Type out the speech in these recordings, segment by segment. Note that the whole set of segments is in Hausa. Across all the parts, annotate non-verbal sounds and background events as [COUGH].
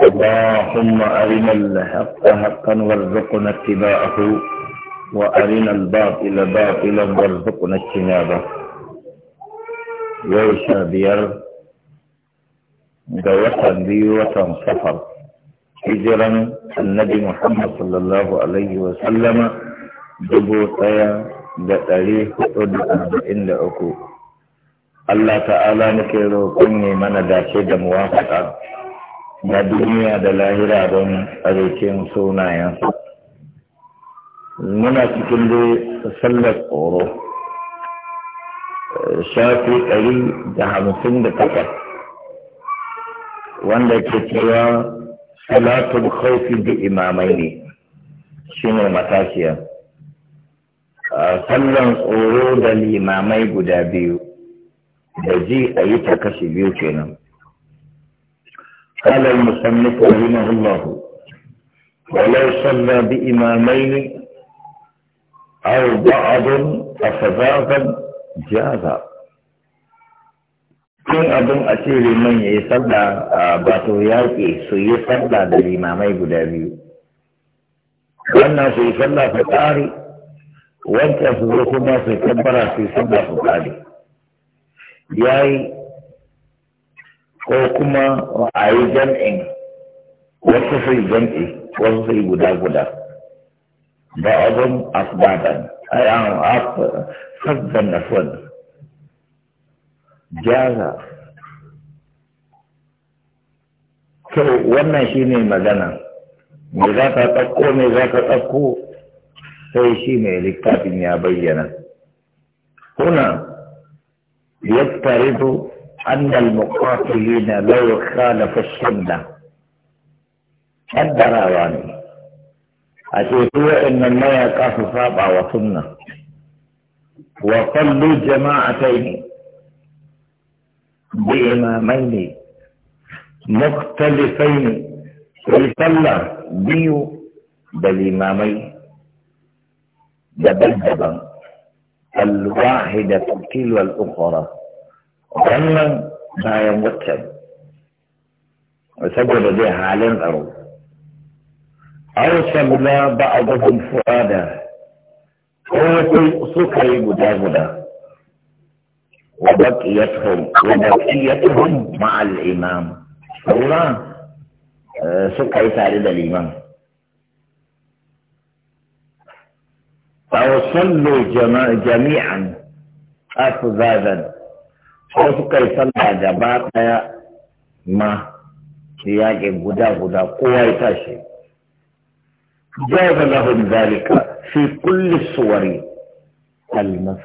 اللهم أرنا الحق حقا وارزقنا اتباعه وأرنا الباطل باطلا وارزقنا اجتنابه يوشا بير دوسا بي وطن سفر هجرا النبي محمد صلى الله عليه وسلم دبوتايا دتاريخ ودبنا بإن أكو الله تعالى نكيرو كني من داشد موافقا na duniya da lahira don tsarikin sunayensa muna cikin da sallar tsoro eh, shafi ɗari da hamsin da takwas wanda ke cewa salatul khawfi da imamai ne shine matashiya sallan tsoro da limamai guda biyu da ji a yi ta kashi biyu kenan قال المصنف رحمه الله ولو صلى بإمامين أو بعض أفذاذا جاذا Cin abin a ce liman ya yi sallah a bato yaƙi su yi sallah da limamai guda biyu. Wannan su yi sallah su ƙari, wancan su zo kuma su yi su yi sallah su ƙari. Ya yi ko kuma a yi jam'in wasu sai jam'i wasu sai guda guda ba abin asbadan ai an sabban aswad gyara to wannan shi ne magana me za ka ɗauko me za ka ɗauko sai shi mai littafin ya bayyana Kuna هنا يضطرب أن المقاتلين لو خالفوا السنة قدر يعني هو إن الله يقاف صابع وسنة وصلوا جماعتين بإمامين مختلفين ويصلى بيو بالإمامين دبل دبل الواحدة تقتل والأخرى وكمن ما يمتن وتجد بها على الأرض أرسلنا بعضهم فؤادا فوقي سكري مدامنا وبقيتهم وبقيتهم مع الإمام سورة سكري سارد الإمام فوصلوا جميعا أفذاذا sai suka yi sallah gaba ɗaya ma su yaƙi guda guda kowa ya tashi jaza lahun zalika fi kulli suwari al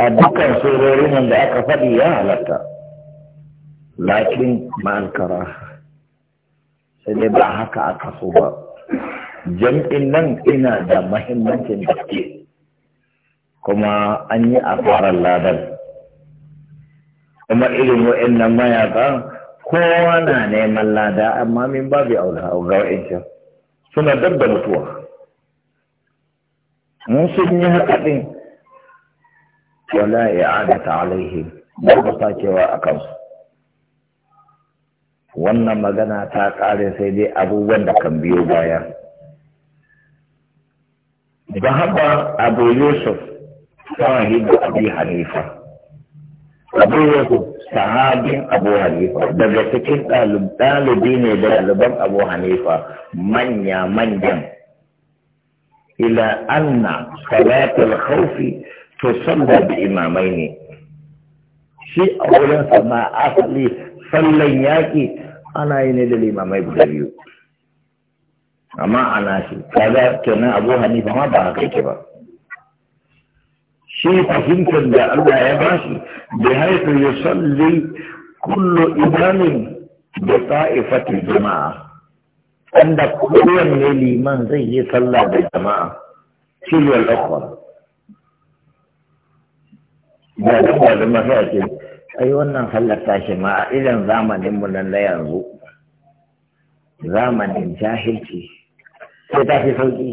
a dukkan surorin nan da aka faɗi ya halatta lakin ma'alkara sai dai ba haka aka so ba jam'in nan ina da mahimmancin gaske kuma an yi a faran ladan kuma irin wa'annan mayaka kowa na neman lada amma min babu aula a ga suna dab da mutuwa mun sun yi haka din wala i'adata alaihim babu sakewa a kansu wannan magana ta kare sai dai abubuwan da kan biyo baya ba haba abu yusuf sahibu abi hanifa abu ya ku sahabin abu hanifa daga cikin ɗalibi ne da ɗaliban abu hanifa manya manyan ila anna salatul khawfi tusalla bi imamaini shi a sama asali sallan yaki ana yi ne da limamai guda biyu amma ana shi kaga kenan abu hanifa ma ba haka ke ba shi fahimtar da Allah ya bashi da haifu ya salli kullu imanin da ta'ifatin jama'a wanda kowanne liman zai yi sallah da jama'a shi ne al'akwar da da kwazo masu ake ai wannan sallar tashi ma a irin mu nan na yanzu zamanin jahilci sai ta fi sauƙi.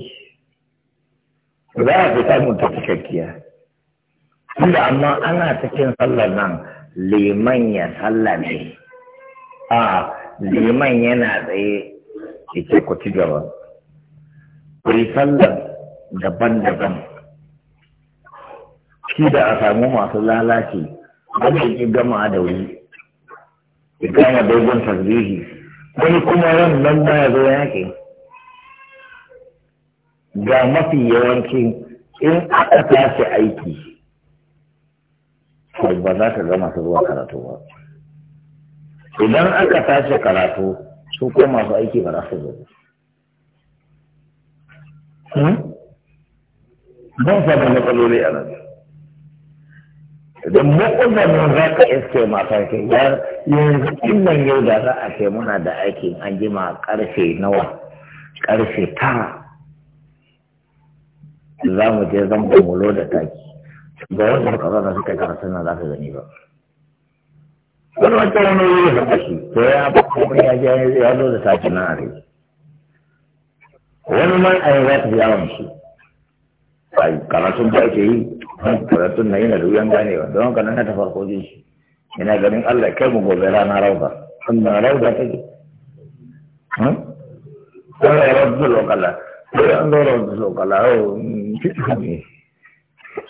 za a fi mun ta cikakkiya tunda amma ana cikin sallar nan liman ya ne, a liman yana tsaye ita ku ci gaba Kuri sallar daban-daban shi da a samu masu lalaci wanda ya gama da wuri ya gama dogon tasbihi wani kuma yan nan baya zo yake ga mafi yawanci in aka tashi aiki ba za ka gama su zuwa karatu ba idan aka tashi karatu su ko masu aiki ba za su zo hmm? ban samu matsaloli a nan idan ne za ka iske matar ke yanzu inan yau da za a ce muna da aikin an ma karfe nawa karfe tara za mu je zan bamulo da taki ga wanda ka zauna suka ba wani wancan wani da kashi to ya ba kuma ya je ya zo da sake na are wani man a yi za ta shi karatun da ake yi karatun na yana da wuyan ganewa don haka farko jin shi yana ganin Allah kai mu gobe rana rauda wannan rauda take Sai ya rabu da lokala, sai an da lokala,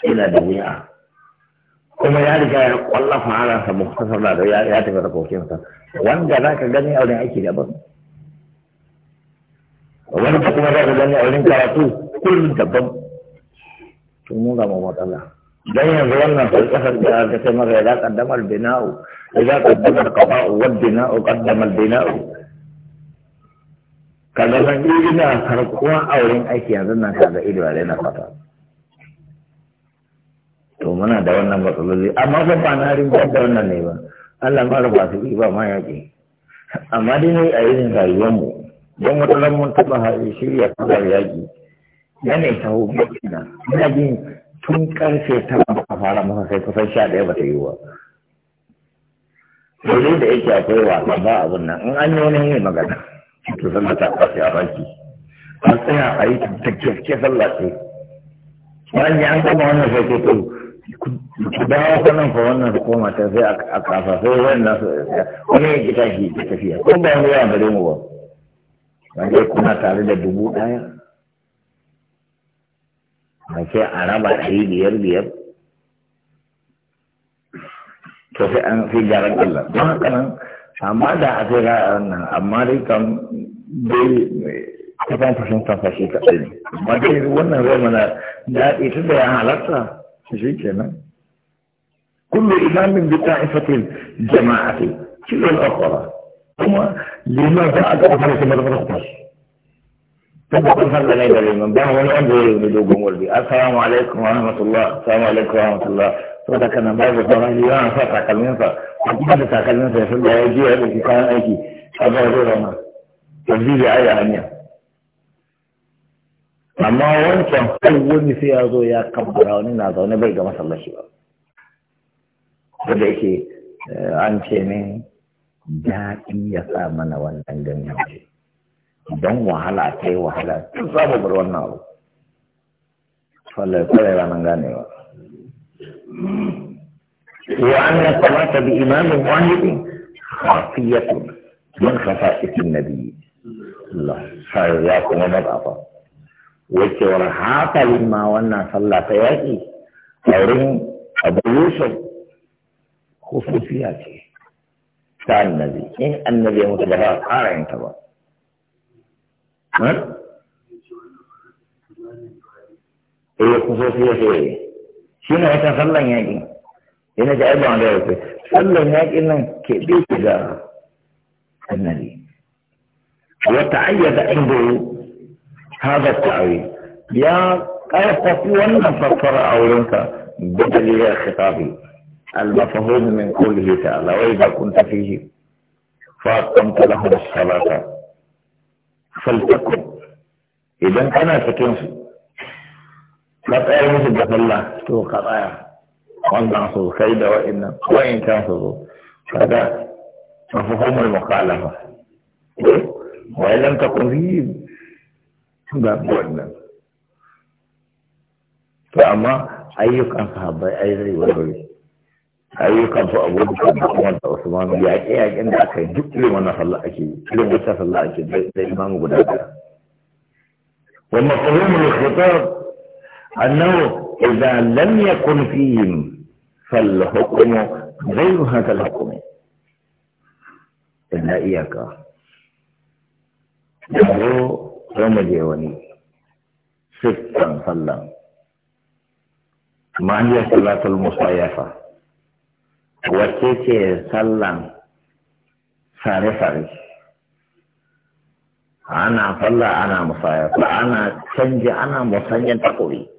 yana da wuya kuma ya riga ya kwallafa halansa muktasar da ya tafi da kokinsa wanda za ka gani auren aiki daban wani ka kuma za ka gani auren karatu kullum daban to mu ga mu matsala dan yanzu wannan falsafar da ta ce mara ya qaddama al-bina'u idza qaddama al-qada'u wa al-bina'u qaddama al-bina'u kaga nan ina harkuwa auren aiki yanzu nan kaga ido na fata muna da wannan matsaloli amma ba ba na rinjar da wannan ne ba Allah ma raba su ba ma yake amma dai ne a rayuwar mu don wata mun taba hari shirya kamar yaki. yana ta hobi kina ina jin tun karfe ta ba fara sai kai kusan sha ɗaya ba ta yi ba Dole da yake akwai wasa ba abun nan in an yi wani yin magana to sallah ta kwashe a baki an tsaya a yi ta kyakkyar sallah Wani bayan an wani wannan sai to da haka nan fa wannan su koma ta sai a kafa sai wannan su wani ya kita shi da tafiya ko ba mu ya bare mu ba wanda kuna tare da dubu daya a ce a raba ɗari biyar biyar to sai an fi gyaran Allah don haka nan amma da a sai ra'a wannan amma dai kan dai kafan fashin kan fashi kaɗai ne amma dai wannan zai mana daɗi tun da ya halatta شيء كمان كل إمام بطائفة الجماعة كل الأخرى ثم لماذا هم الإمام فأدى أخرى في مرة أخرى تبقى صلى الله عليه وسلم بها ونعبه يزدوكم والبي السلام عليكم ورحمة الله السلام عليكم ورحمة الله فأدى كان بعض الصلاة اليوم فأتى كلمة فأتى كلمة يسلم يجيها بكتان أيكي أبا رمى تبديل عيانيه amma wancan wani sai ya zo ya kabbara wani na zaune bai ga masallaci ba wanda yake eh, an ce min daɗi ya sa mana wannan ganin ce don wahala ta yi wahala tun samu bar wannan abu fallar kwarai ranar ganewa wa an ya kamata bi imamin wahidin khafiyatun min ikin nabiyyi Allah sai ya kuma ba wacewar hatalin ma wannan sallah ta yaƙi a wurin abu yusuf hususiya ce ta annabi in annabi ya mutu ba za a ƙara yin ta ba eh hususiya ce shi ne wata sallan yaƙi yana ga aibu an da yau sallan yaƙi nan ke bi ga annabi wata ayyata inda هذا التعريف يا قرصتي ولا أو عورنك بدل يا خطابي المفهوم من قوله تعالى وإذا كنت فيه فأقمت لهم الصلاة فلتكن إذا أنا فتنس لا تأيه مثل الله تو قرأي وانتنصر كيد وإن وإن تنصر هذا مفهوم المخالفة إيه؟ وإن لم تكن فيه babu wannan to amma ayyukan sahabbai ai zai warware ayyukan su abubakar da kuma da usman yaƙe yaƙen da aka yi duk irin wannan sallah ake yi irin wata sallah ake da imamu guda ɗaya wa mafhumul khitab annahu idza lam yakun fihim fal hukmu ghayru hadha al hukm illa iyaka yanzu ومجي وني شفتا صلى ما هي صلاة المصايفة وكيكي صلى ساري ساري أنا صلى أنا مصايفة أنا تنجي أنا مصايفة تقوي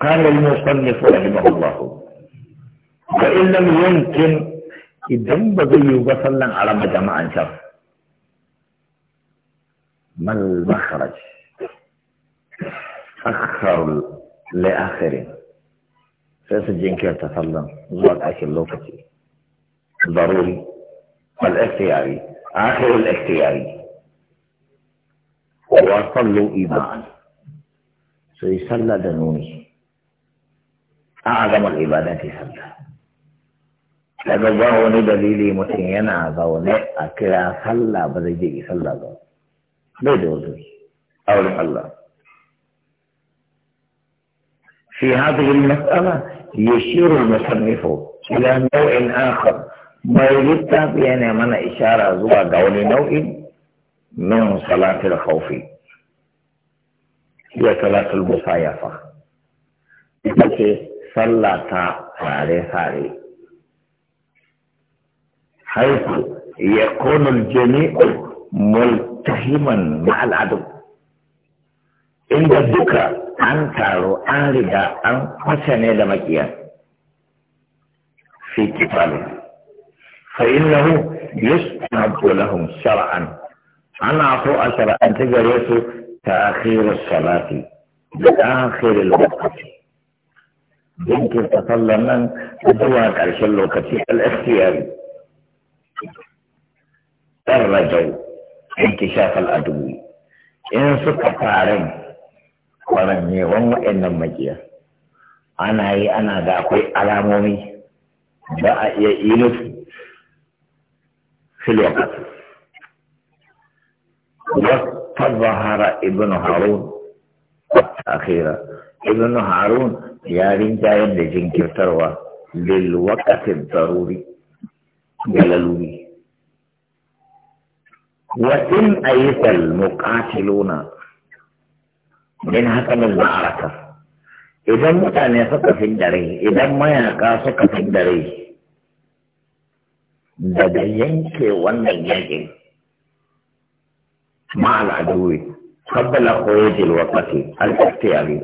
قال المصنف رحمه الله فإن لم يمكن إذن بغيو بصلى على مجمع شر ما المخرج أخر لآخرين فسجن كيف تسلم زوج أكل لوكتي ضروري والاختياري آخر الاختياري وصلوا إيماء سيصلى دنوني أعظم العبادات صلى daga ba wani dalili mutum yana zaune a kira sallah ba bai da في هذه المسألة يشير المصنف إلى نوع آخر ما يريد بأن يعني من إشارة زوا دون نوع من صلاة الخوف هي صلاة المصايفة التي صلى فاري فاري حيث يكون الجميع ملك متهما مع العدو إن الذكرى أن تارو أن لدى أن حسن لمكيا في كتابه فإنه يستحب لهم شرعا أن أعطوا أسرى أن تجريسوا تأخير الصلاة بآخر الوقت بنت تطلع من دواك عشان الوقت الاختياري الرجل inkishaf al'adu in suka farin kwaranyewan waɗannan makiya ana yi ana da akwai alamomi ba a iya ilu filiyakat wata zahara ibn harun akhira ibn harun ya rinjayen da jinkirtarwa lil wakatin daruri ga laluri وإن أيس المقاتلون من هكذا المعركة إذا متعني سكة في الدري إذا ما يقع سكة في الدري daga yanke wannan yakin مع العدو قبل خروج الوقت الاختياري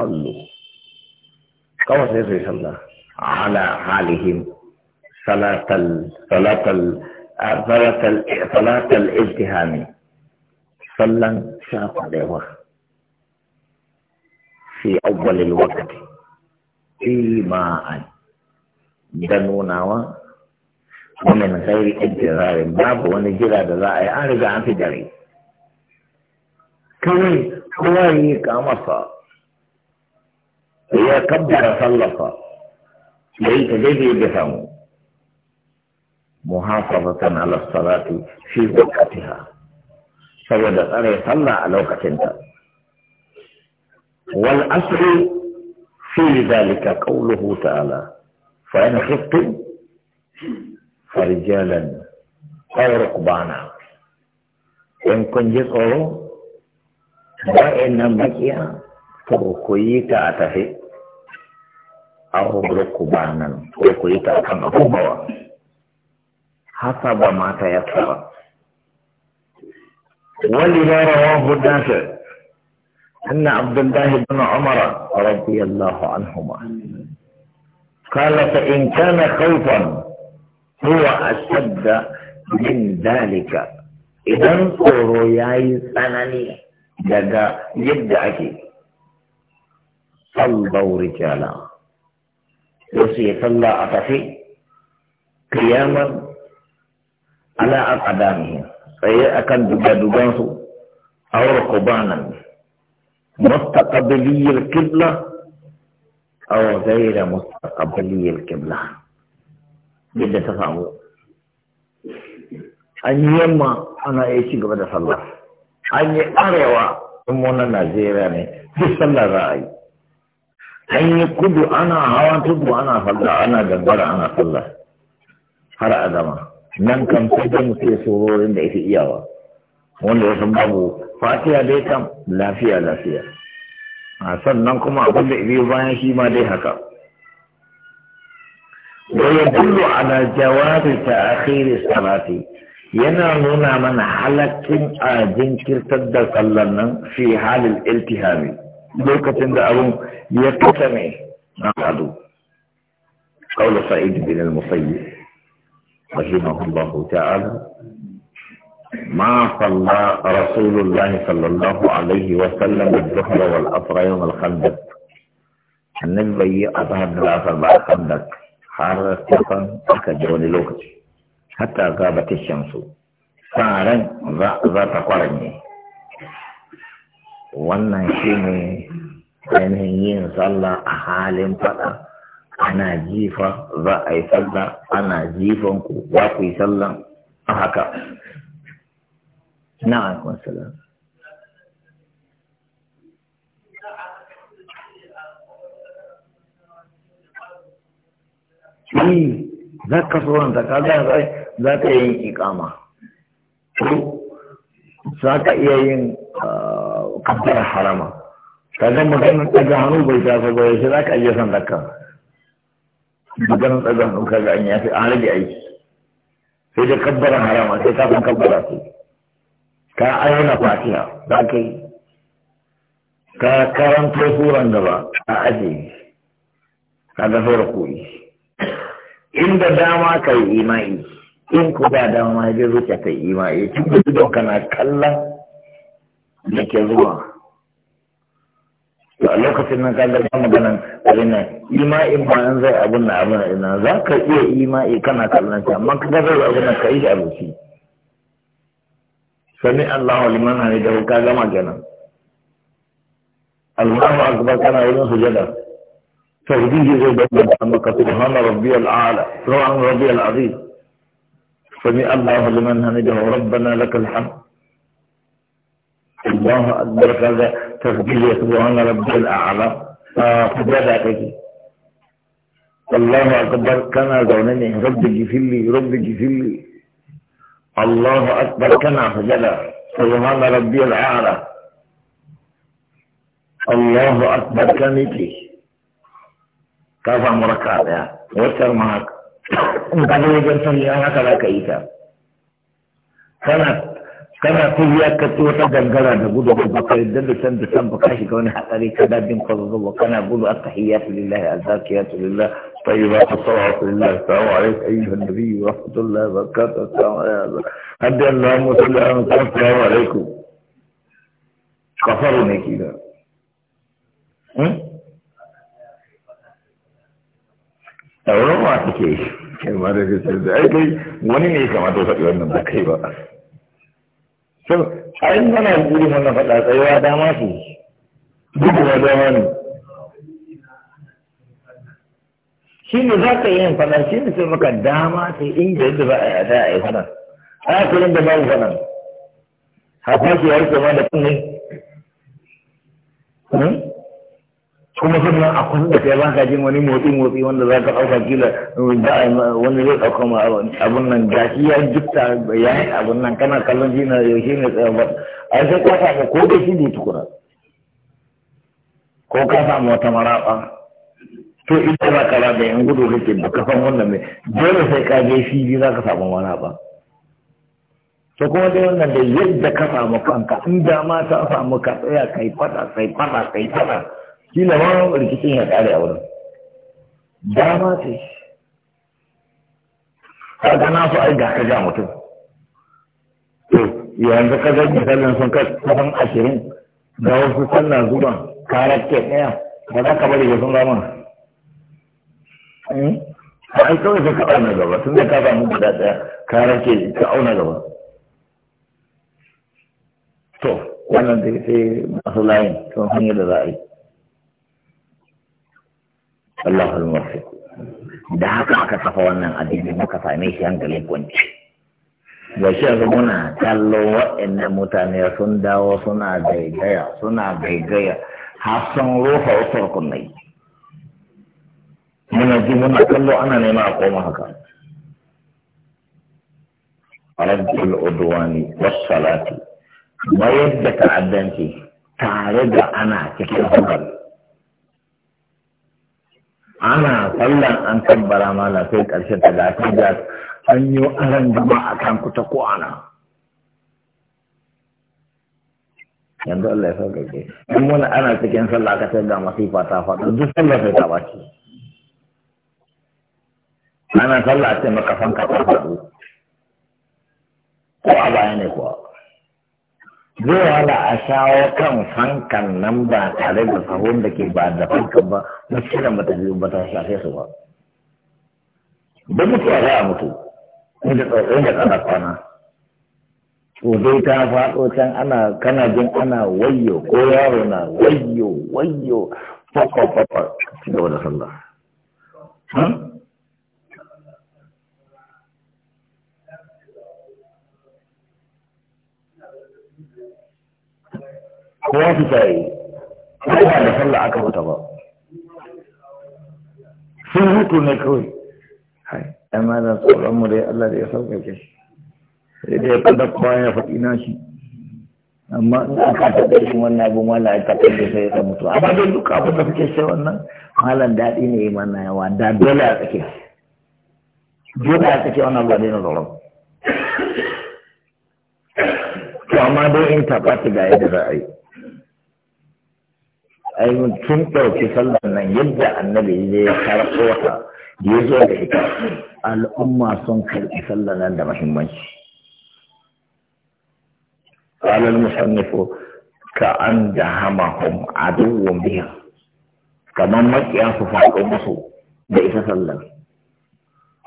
صلوا كما سيصلى على حالهم صلاة ال... صلاة ال... salatal ijtihami sallan shafa da yawa fi awwalil waqti ima'an da nunawa wannan sai intirarin babu wani jira da za a yi an riga an fi dare kawai kowa yi kamarsa ya kabbara sallafa ya yi ta daidai da samu محافظة على الصلاة في وقتها سيد أري صلى على وقتها والأصل في ذلك قوله تعالى فإن خفتم فرجالا أو ركبانا إن كنت تقولوا وإن بقي تركيك أتفي أو ركبانا تركيك أتفي حسب ما تيسر ولما رواه النافع أن عبد الله بن عمر رضي الله عنهما قال فإن كان خوفا هو أشد من ذلك إذا انظروا ياي سنني daga yadda ake sallau rijala wasu ya قياما على أقدامهم فهي أكن دجا دجانسو أو ركبانا مستقبلي القبلة أو غير مستقبلي القبلة جدا تفهموا أن يما أنا إيشي قبل صلى أن أروى أمونا نزيراني في صلى رأي أن يقود أنا هوا تدو أنا صلى أنا جبر أنا صلى هر أدمه nan kan sai mutum ya sororin da yake iyawa wanda ya san babu fatiya dai kam lafiya lafiya a sannan kuma abin da biyu bayan shi ma dai haka wa yadullu ala ta akhiri salati yana nuna mana halakkin a jinkirtar da sallar nan fi halin iltihami lokacin da abun ya kasa mai na hadu sa'id bin al المسيب رحمه الله تعالى ما صلى رسول الله صلى الله عليه وسلم الظهر والعصر يوم الخندق النبي أظهر العصر بعد الخندق حار كفن أكجون الوقت حتى غابت الشمس سارا ذات قرني وانا shi ne ainihin yin فقط ana jifa za a yi sallah ana jifan ku za ku yi sallah a haka na aikon salla Yi za ka so tsoron ta kaga za ka yi ikama. Za ka iya yin kabbar harama. Kaga maganin ɗaga hannu bai tafi ba yaushe za ka iya san dakka. maganin tsagan sun kaga an yafi an rage aiki sai da kabbaran harama sai kafin kabbara su ka ayyana fatiha za ka ka karanto suran gaba a aje ka ga saura koyi inda dama ka yi imai in ku ba dama ya je zuciya ta yi imai tun da don kana kallon da ke zuwa to a lokacin nan ka garba maganan alina ima'in ma an zai abun na abun ina za ka iya ima'i kana kallon shi amma ka garba abun nan ka yi shi a rufi sami Allahu liman hamidahu ka gama kenan Allahu akbar kana wurin sujada توجيه زي ده انك سبحان ربي الاعلى سبحان ربي العظيم سمع الله لمن حمده ربنا لك الحمد الله اكبر كذا تسجيل سبحان ربي الأعلى آه، فبدا كي الله أكبر كان زونني رب جفل لي رب جفل لي الله أكبر كان فجدا سبحان ربي الأعلى الله أكبر كان يكي كفى مركعة يا وتر معك [COUGHS] انت قلت لي انا sallah haka za kana kuliya ka ci wata gangara da gudu ba baka yadda da san da san baka shiga wani hatsari kana bin kwazo ba kana gudu aka hiyatu lillahi azakiyatu lillahi tayyiba salawatu lillahi assalamu alayka ayyuhan nabiy wa rahmatullahi wa barakatuh assalamu alayka hadda allahumma salli ala muhammad assalamu alaykum kafaru ne kida tauran ma take kai ma da kai wani ne kamata ya faɗi wannan ba kai ba so ai mana guri wannan faɗa tsayuwa dama su da dama ne shi ne za ka yi yin faɗa shi ne sai maka dama ta in da yadda ba a yi a yi faɗa a kullum da babu faɗa hakan shi ya rike ma da kunne hmm? kuma sannan a kusa da kai baka jin wani motsi motsi wanda za ka ɗauka kila eh, wani zai ɗauka ma abun nan gashi ya jikta ya yi abun nan kana kallon shi na yaushe ne tsaye ba a sai ka samu ko da shi ne tukura ko ka samu wata maraba to ita za ka rada yan gudu kake ba ka san wannan mai dole sai ka je fili za ka samu ba. to kuma dai wannan da yadda ka samu kanka in da ma ta samu ka tsaya kai fada kai fada kai fada kila ma rikicin ya kare a wurin dama ce kaga na so ai ga ka ja mutum to yanzu ka ga misalin sun ka kusan ashirin da wasu sannan zuban karakter ɗaya ba za ka bari ga sun gama hmm? ai kawai sai ka auna gaba tun da ka samu guda ɗaya karakter ka auna gaba to wannan da ke sai masu layin sun hanyar da za a yi Allahul al da haka aka kafa wannan addini muka same shi hankalin kwanci ga shi yanzu muna kallo waɗannan mutane sun dawo suna gaigaya suna gaigaya har sun rufa wasu kunnai muna ji muna kallo ana nema a koma haka rabbul udwani was salati mayar da ta'addanci tare da ana cikin hankali ana sallan an tabbara mala sai ƙarshen ta da ta da an yi aran gama a kan kuta ko ana yanzu Allah ya sauka ke in wani ana cikin sallah ka sai ga masifa ta faɗa duk sallah sai ta baki ana sallah a ce maka fanka ta faɗo ko a baya ne kuwa zai wala a shawo kan fankan nan ba tare da sahun da ke ba da fankan ba na cire mata biyu ba ta shafe su ba da mutuwa za a mutu inda tsotsin da tsada kwana dai ta faɗo can ana kana jin ana wayo ko yaro na wayo-wayo, wayo fakwa fakwa ci gaba da sallah hmm? kowa su tsaye ko ba da sallah aka wuta ba sun hutu ne kawai hai amma da tsoron mu dai Allah da ya sauƙaƙe sai dai kada kowa ya faɗi na shi amma in aka da shi wannan abin wala ya taɓa da sai ya mutu amma dai duka abin da suke sai wannan malam daɗi ne na yawa da dole a tsake dole a tsake wannan ba na tsoron to amma dai in taɓa ta ga yadda za a yi ai kin ɗauki sallar nan yadda annabi ya karɓo ta ya zo da ita al'umma sun karɓi sallar nan da muhimmanci قال المصنف كأن a عدو biya kamar su faɗo musu da ita sallar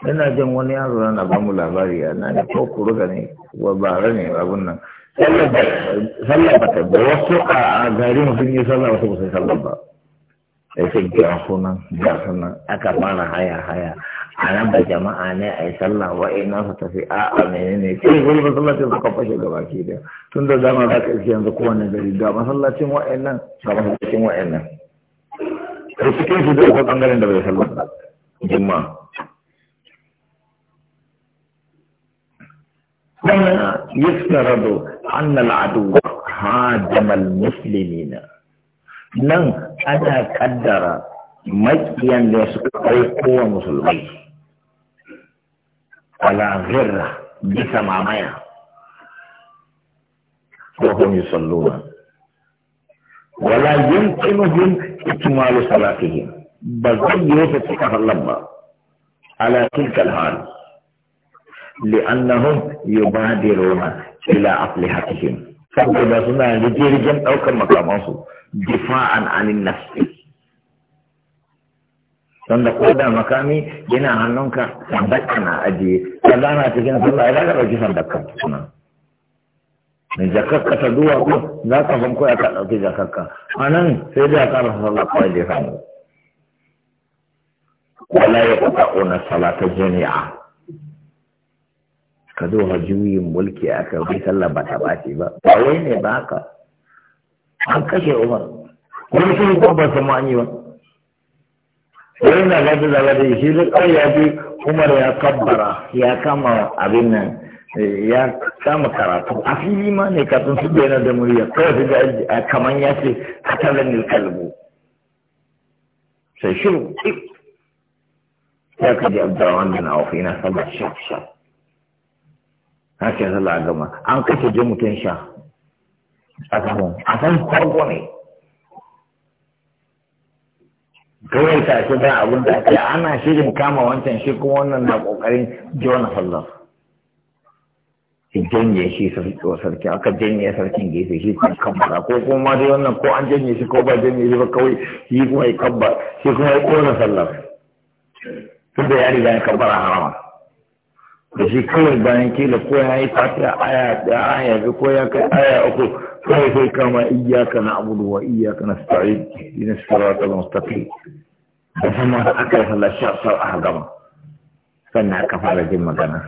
ina jin wani yaro na bamu labari yana ne ko kuruga ne wa bara ne abun nan sallar ba ta da wasu a garin sun yi sallar wasu sun sallar ba sai sai ga sunan ga sunan aka fara haya haya a nan ba jama'a ne a yi sallah wa'annan su tafi a a menene sai wani masallacin suka fashe da baki da tun da zama za ka iske yanzu kowane gari ga masallacin wa'annan ga masallacin wa'annan sai cikin su zai bangaren da bai sallar ba jimma sannan yustarado أن العدو هاجم المسلمين نن أنا قدر مجيا لسكري قوة مسلمين ولا غرة بسمع مايا وهم يصلون ولا يمكنهم إكمال صلاتهم بل يوسف الله على تلك الحال لأنهم يبادرون إلى أصلحتهم saboda suna rigirgen ɗaukar makamansu difa'an anin nafsi wanda ko da makami yana hannunka sandaka na ajiye sanda na cikin sallah ya ka ɗauki sandaka suna mai jakakka ta duwa ko za ka fanko ya ka ɗauki jakakka a nan sai da ka rasa sallah kawai da ya samu wala ya ƙasa ona salata jami'a ka zo ha juyin mulki aka bai sallah ba ta bace ba ba wai ne ba ka an kashe umar wani shi ko ba samu an yi ba wani na gaji da gaji shi da kai ya bi umar ya kabbara ya kama abin nan ya kama karatu a fili ma ne kafin su bayyana da murya kawai su ga kamar ya ce katalan kalbu sai shiru ya kaji abdawa wannan a ofi na sama shaf shaf haka sallah a gama an kashe je mutum sha a samu a san farko ne kawai ta ce da abin da ake ana shirin kama wancan shi kuma wannan na kokarin jona sallah shi janye shi sarki aka janye sarkin gefe shi kan kammala, ko kuma dai wannan ko an janye shi ko ba janye shi ba kawai shi kuma ya kabba shi kuma ya kona sallah tunda ya riga ya kabbara harama da kawai bayan kila ko ya yi fatiha aya ɗaya aya bi ko ya kai aya uku kawai sai kama iyaka na abudu wa iyaka na sta'in ina sirata al-mustaqim da sama da aka halla sha sar a gama sannan aka fara jin magana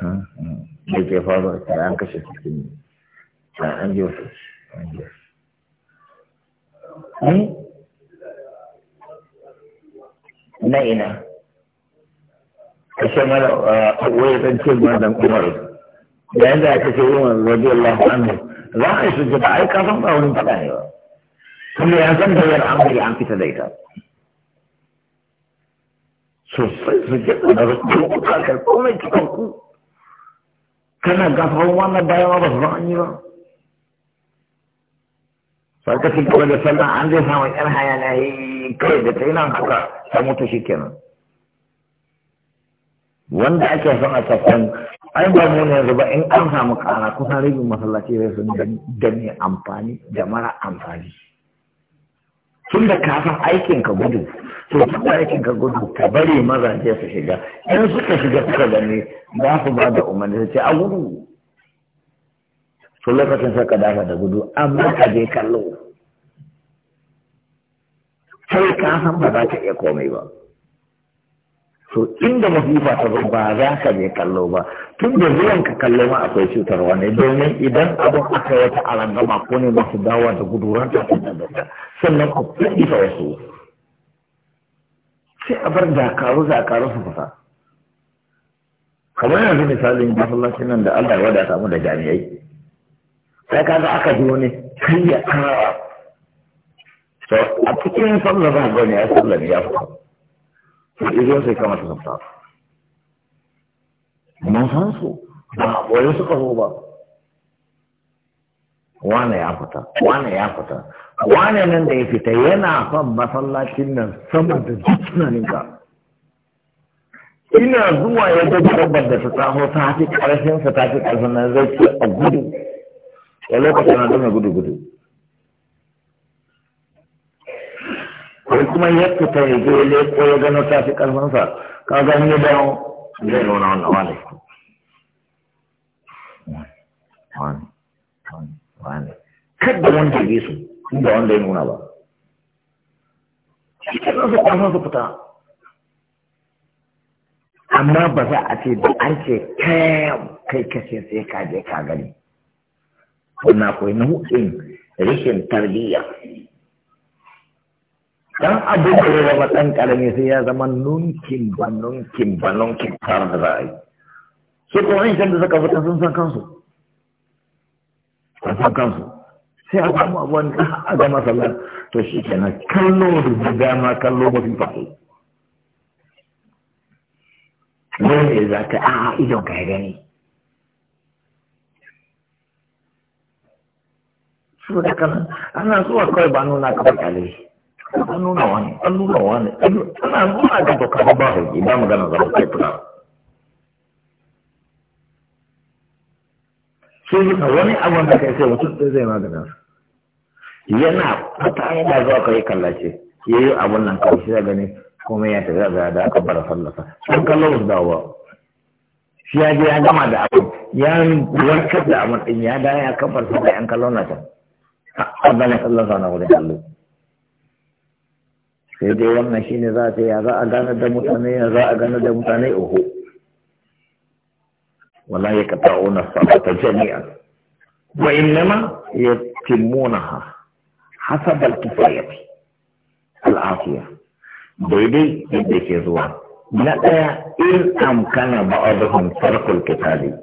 da ke faruwa tare an kashe cikin an ji an ji wasu hmm? na ina kashe mara wai zan ce ma dan umar yayin da aka ce umar radiyallahu anhu za ka yi sujjada ai ka san ba wani faɗa ne ba kuma ya san da yar amri an fita da ita sosai sujjada da rukun ku ka kar komai cikin ku kana gafawar wannan bayan ba su an yi ba sarkacin kawai da sallah an zai samu yar hayana kawai da ta yi nan haka ta mutu shi kenan wanda ake son a tafkan ai ba mu ne zuba ba in an samu kara kusan rigin masallaci zai sun da mai amfani da mara amfani tun da ka san aikin ka gudu to tun da aikin ka gudu ka bari mazaje su shiga in suka shiga suka gani za su ba da umarni su ce a gudu to lokacin sai ka dafa da gudu amma ka je kallo sai ka san ba za ka iya komai ba to inda masifa ta zo ba za ka je kallo ba tun da zuwan ka kallo ma akwai cutar wani domin idan abin aka yi wata arangama ko ne masu dawa da guduran ta da sannan ku fadi fa wasu sai a bar dakaru dakaru su fasa kamar yanzu misalin masallacin nan da Allah ya wadata mu da jami'ai sai kaga aka zo wani kai ya kara So a cikin sallar za ka ya sallar ya fito idan wane ya fita wane nan da ya fita yana son masallacin nan sama da tunanin ka ina zuwa ya ga da ta taho ta fi karfin sa ta fi nan zai ce a gudu a lokacin na gudu gudu ko kuma ya fita ya je ya ko ya gano ta fi karfansa ka gani ya dawo zai nuna wannan wani wani wani kada wanda ya su inda wanda ya nuna ba shi kaɗan su ƙarfin su fita amma ba za a ce da an ce kai kashe sai ka je ka gani wannan akwai nau'in rashin tarbiyya dan abin da ya zama dan karami sai ya zama nunkin ba nunkin ba nunkin tare da za Sai ko su kuma da suka fita sun san kansu sun san kansu sai a samu abuwan a ga masallar to shi kenan kallo da ma kallo mafi fasu ne za ka a idon ka gani. Su da kana ana zuwa kawai ba nuna kawai alai an nuna ne, an nuna ne, ana nuna da to kafa ba hauki ba magana zama sai fita sai suka wani abin da kai sai mutum ɗaya zai magana yana fata yana zuwa kai kallace ya yi abin nan kawai shi gani kuma ya tafi da da aka bara sallasa, an kallo su dawo shi ya je ya gama da abin ya warkar da abin din ya da ya kabar sa da yan kallo na can a bane kallon sa na wurin kallo sai dai wannan shine za ta ya za a gane da mutane ya za a gane da mutane uku wala ya kata ona sabata jami'a wa innama ya timunaha hasab al-kifayati al-afiya daidai yadda ke zuwa na ɗaya in amkana ba'aduhum tarkul qitali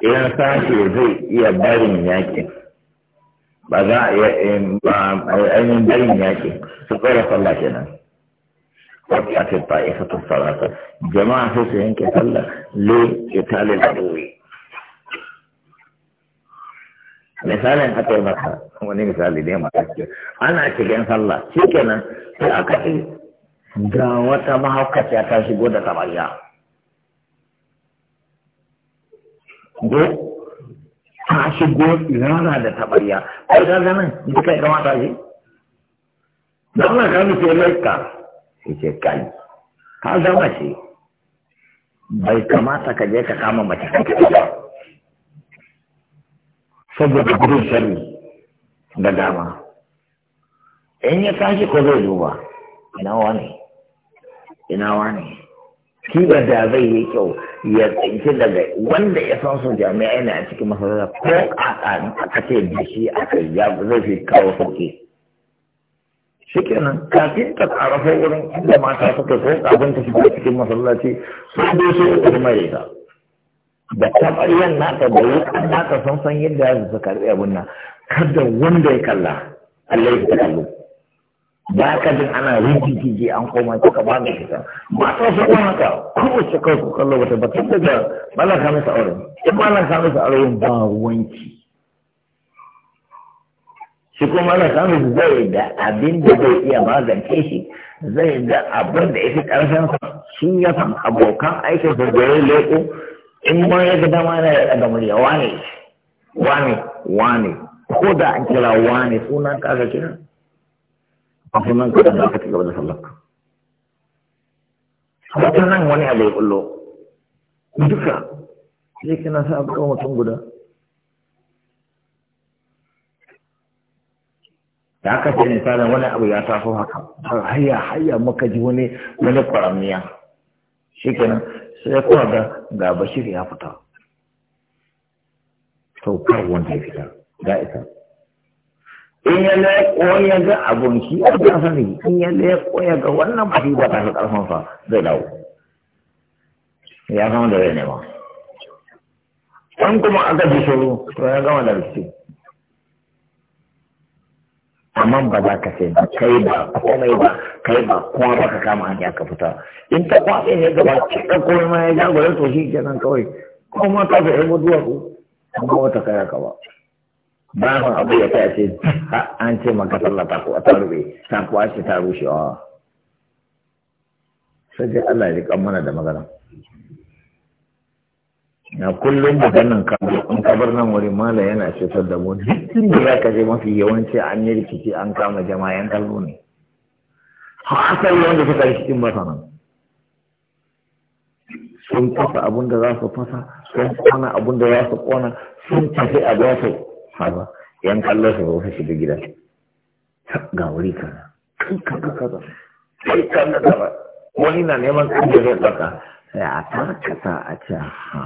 idan sashi zai iya barin yakin ba za a yi eh, eh, ainihin bayin yaƙi su tsara sallah kenan wata ake ta'ifa ta salata jama'a sai su yanke sallah le da adowi misalin aka yi maka wani misali ne maka ce ana cikin sallah shi kenan sai aka yi ga wata mahaukaci ta shigo da tabarya ta shigo yana da tabarya ai ka ganin da kai kamata shi da Allah ka nufi laika yace kai ka zama shi bai kamata ka je ka kama mace saboda gudun sharri da dama in ya tashi ko zai duba ina wani ina wani kiba da zai yi kyau ya tsinci daga wanda ya san su jami'ai na a cikin masarar ko a aka ce da shi aka ya zai fi kawo sauƙi. shi kenan kafin ta tsarafa wurin inda mata suka ko kafin ta shiga cikin masallaci su zo su yi ta da tabaryan nata da wukan nata sun san yadda za su karɓi abin nan kada wanda ya kalla Allah ya kallo ba ka jin ana rinjiji an koma kuka ba mai kita ba ta wasu kuma haka kowace kai ku kallo wata ba tun daga malan kame sa auren in malan kame sa auren ba wanki shi kuma malan kame sa zai da abin da zai iya magance shi zai da abin da ya fi ƙarfin shi ya san abokan aikin sa da ya leko in ma ya ga dama yana ya ɗaga murya wane wane wane ko da an kira wane sunan ka kira musulman ka da aka ka ci da sallarka wata nan wani abu ya kullo duka sai kana sa abu kawo mutum guda da aka ce misalin wani abu ya taso haka hayya hayya muka ji wani wani kwaramiya shi kenan sai kuma ga ga bashir ya fita to kar wanda ya fita ga ita in ya leƙo ya ga abun shi a kan sani in ya leƙo ya ga wannan ba shi ba ta ƙarfin fa zai dawo ya zama da ne ba in kuma aka ji shiru to ya gama da rikici amma ba za ka sai ba kai ba komai ba kai ba kuma ba ka kama hanya ka fita in ta kwaɗe ne gaba cikin komai ma ya jagore to shi kenan kawai kuma ta fi yi mutuwa ko kuma wata kaya ka ba bawan abu ya kai ce an ce maka sallah ko kuwa ta rube ta kuwa ce ta wa sai dai Allah ya riƙa mana da magana na kullum ganin kabar in kabar nan wuri mala yana cutar da mu tun da za kaje mafi yawanci an yi rikici an kama jama'a, yan kallo ne asali wanda suka yi cikin nan. sun fasa abin da za su fasa sun kona abin da za su kona sun tafi a za su haba yan kallo su ba su da gida ga wuri kaza kai kaza kaza kai kaza kaza wani na neman kan da zai baka sai a tarkata a ce ha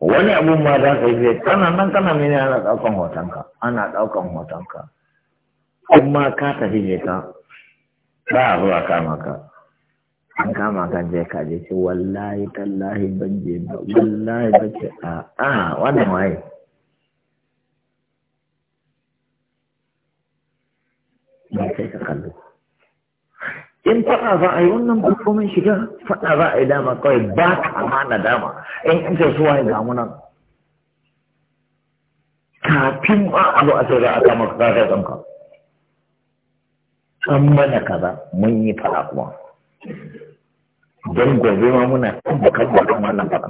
wani abun ma za ka yi kana nan kana mene ana daukan hotonka ana daukan hotonka kuma ka tafi je ka ba a zuwa kama ka an kama kan je ka je ce wallahi tallahi ban je ba wallahi ba ce a a wannan waye kallo in faɗa za a yi wannan ba komai shiga faɗa za a yi dama kawai ba ta amana dama in an ce suwa ga mu nan kafin ma zo a sai za a kama ka kai ka, an mana kaza mun yi faɗa kuma don gobe ma muna kan da kan wannan faɗa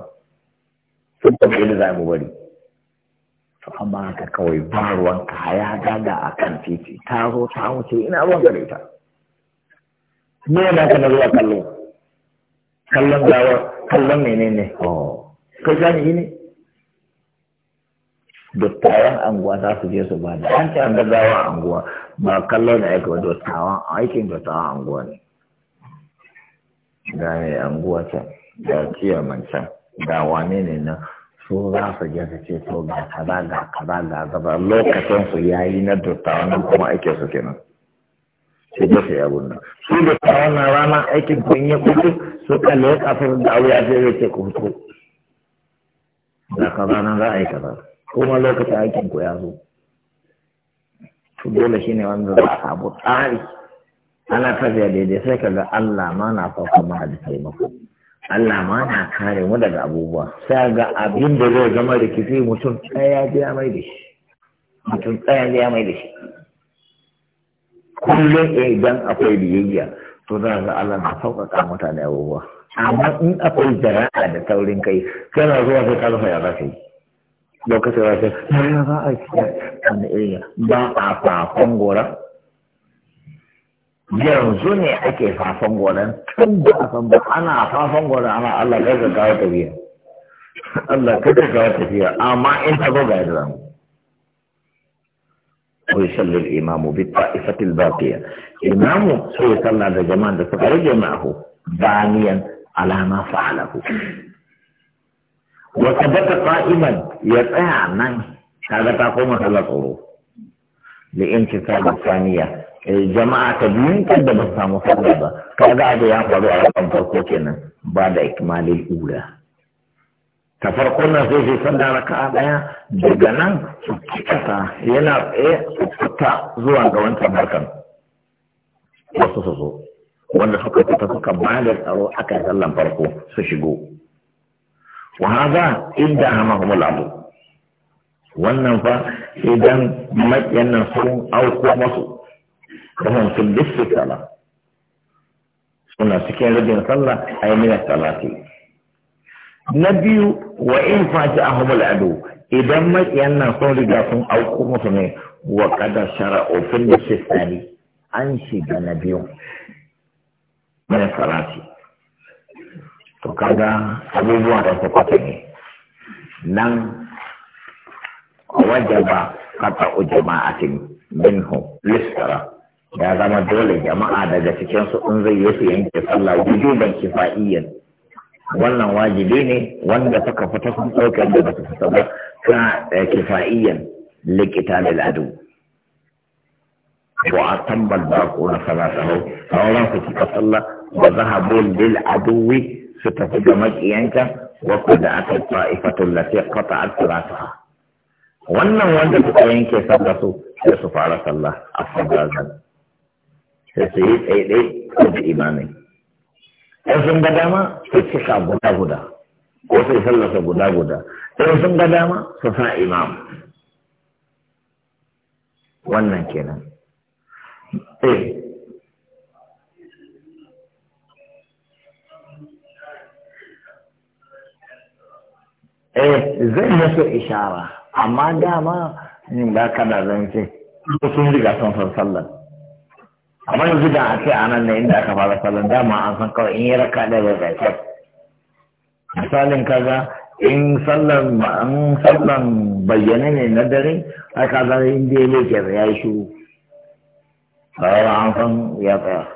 sun tabbata da za mu bari to amma haka kawai ba ruwan ya gaga a kan titi ta zo ta wuce ina ruwan gare ta me ya ka na zuwa kallo kallon gawar kallon menene oh kai ni? ne dattawan anguwa za su je su ba da an ce an gazawa anguwa ba kallon da aiki ba dattawan aikin dattawan anguwa ne ga ne anguwa can ga man can ga wane ne nan su za su je ce to ga kaza ga kaza ga gaba lokacin su yayi na dottawa nan kuma ake su kenan sai da sai gudu nan su dottawa na rana aikin kun ya kudu su kalle kafin da abu ya zai yake ku fito da kaza nan za a yi kaza kuma lokacin aikin ku ya zo to dole shine wanda za a samu tsari ana tafiya daidai sai kaga Allah ma na fa kuma da taimako Allah ma na kare mu daga abubuwa sai ga abin da zai zama da kifi mutum ɗaya ya mai da shi mutum ɗaya ya mai da shi kullum eh, idan akwai biyayya to za ga Allah na sauƙaƙa mutane abubuwa amma in akwai jara'a da taurin kai kana zuwa sai ka rufe ya za yi lokacin za za a yi ba a fafon gora yanzu ne ake fafan gwanan tun da a san ba ana fafan gwanan ana Allah kai ka kawo tafiya Allah kai ka kawo tafiya amma in ta ga yadda zamu ويصلي الإمام بالطائفة الباقية إمامه سيصلى هذا جماعة فخرج معه بانيا على ما فعله وثبت قائما يطيع من هذا تقوم على الظروف لانتفاض الثانية Eh, jama'a ta biyun da ba samu sallah ba kaga abu ya faru a rakan farko kenan ba da ikmalil ula ta farko na sai sai sallah raka'a ɗaya, daga nan su kasa yana tsaye su fita zuwa ga wancan harkan wasu su zo wanda suka fita suka ba da tsaro akan sallan farko su shigo wa haza idda hamahumul abu wannan fa idan makiyan nan sun auko masu kaman fil bisri sala suna cikin rabin sallah a yi minar talatin na biyu wa in fashi a hamul ado idan maƙiyan na son riga sun auku musu ne wa kada shara'o fil bisri sani an shiga na biyu minar talatin to kaga abubuwa da su kwata ne nan wajaba kata ujama'atin minhu listara ya zama dole jama'a daga cikin su in zai yi su yanke sallah wujuban kifa'iyyan wannan wajibi ne wanda suka fita sun ɗaukar da basu fita ba suna eh, kifa'iyyan likita da ladu to a tambal ba ko na salatahu sauran su cika sallah ba wa zahabu lil aduwi su tafi ga makiyanka wa da aka ta'ifatul lati qata'at salataha wannan wanda suka yanke sallah su sai su fara sallah a sallah sai su yi tsaye da imamai in sun ga dama su cika guda guda ko sai sallasa guda guda in sun ga dama su sa imam wannan kenan eh eh zai musu ishara amma dama ba ka zan zance. sun riga sun san sallar amma yanzu da a ce a nan da inda aka fara salon dama an san kawai in yi raka da da zafi misalin kaza in sallan in sallan bayyane ne na dare ai kaza in dai leke ya yi shiru bayan an san ya tsaya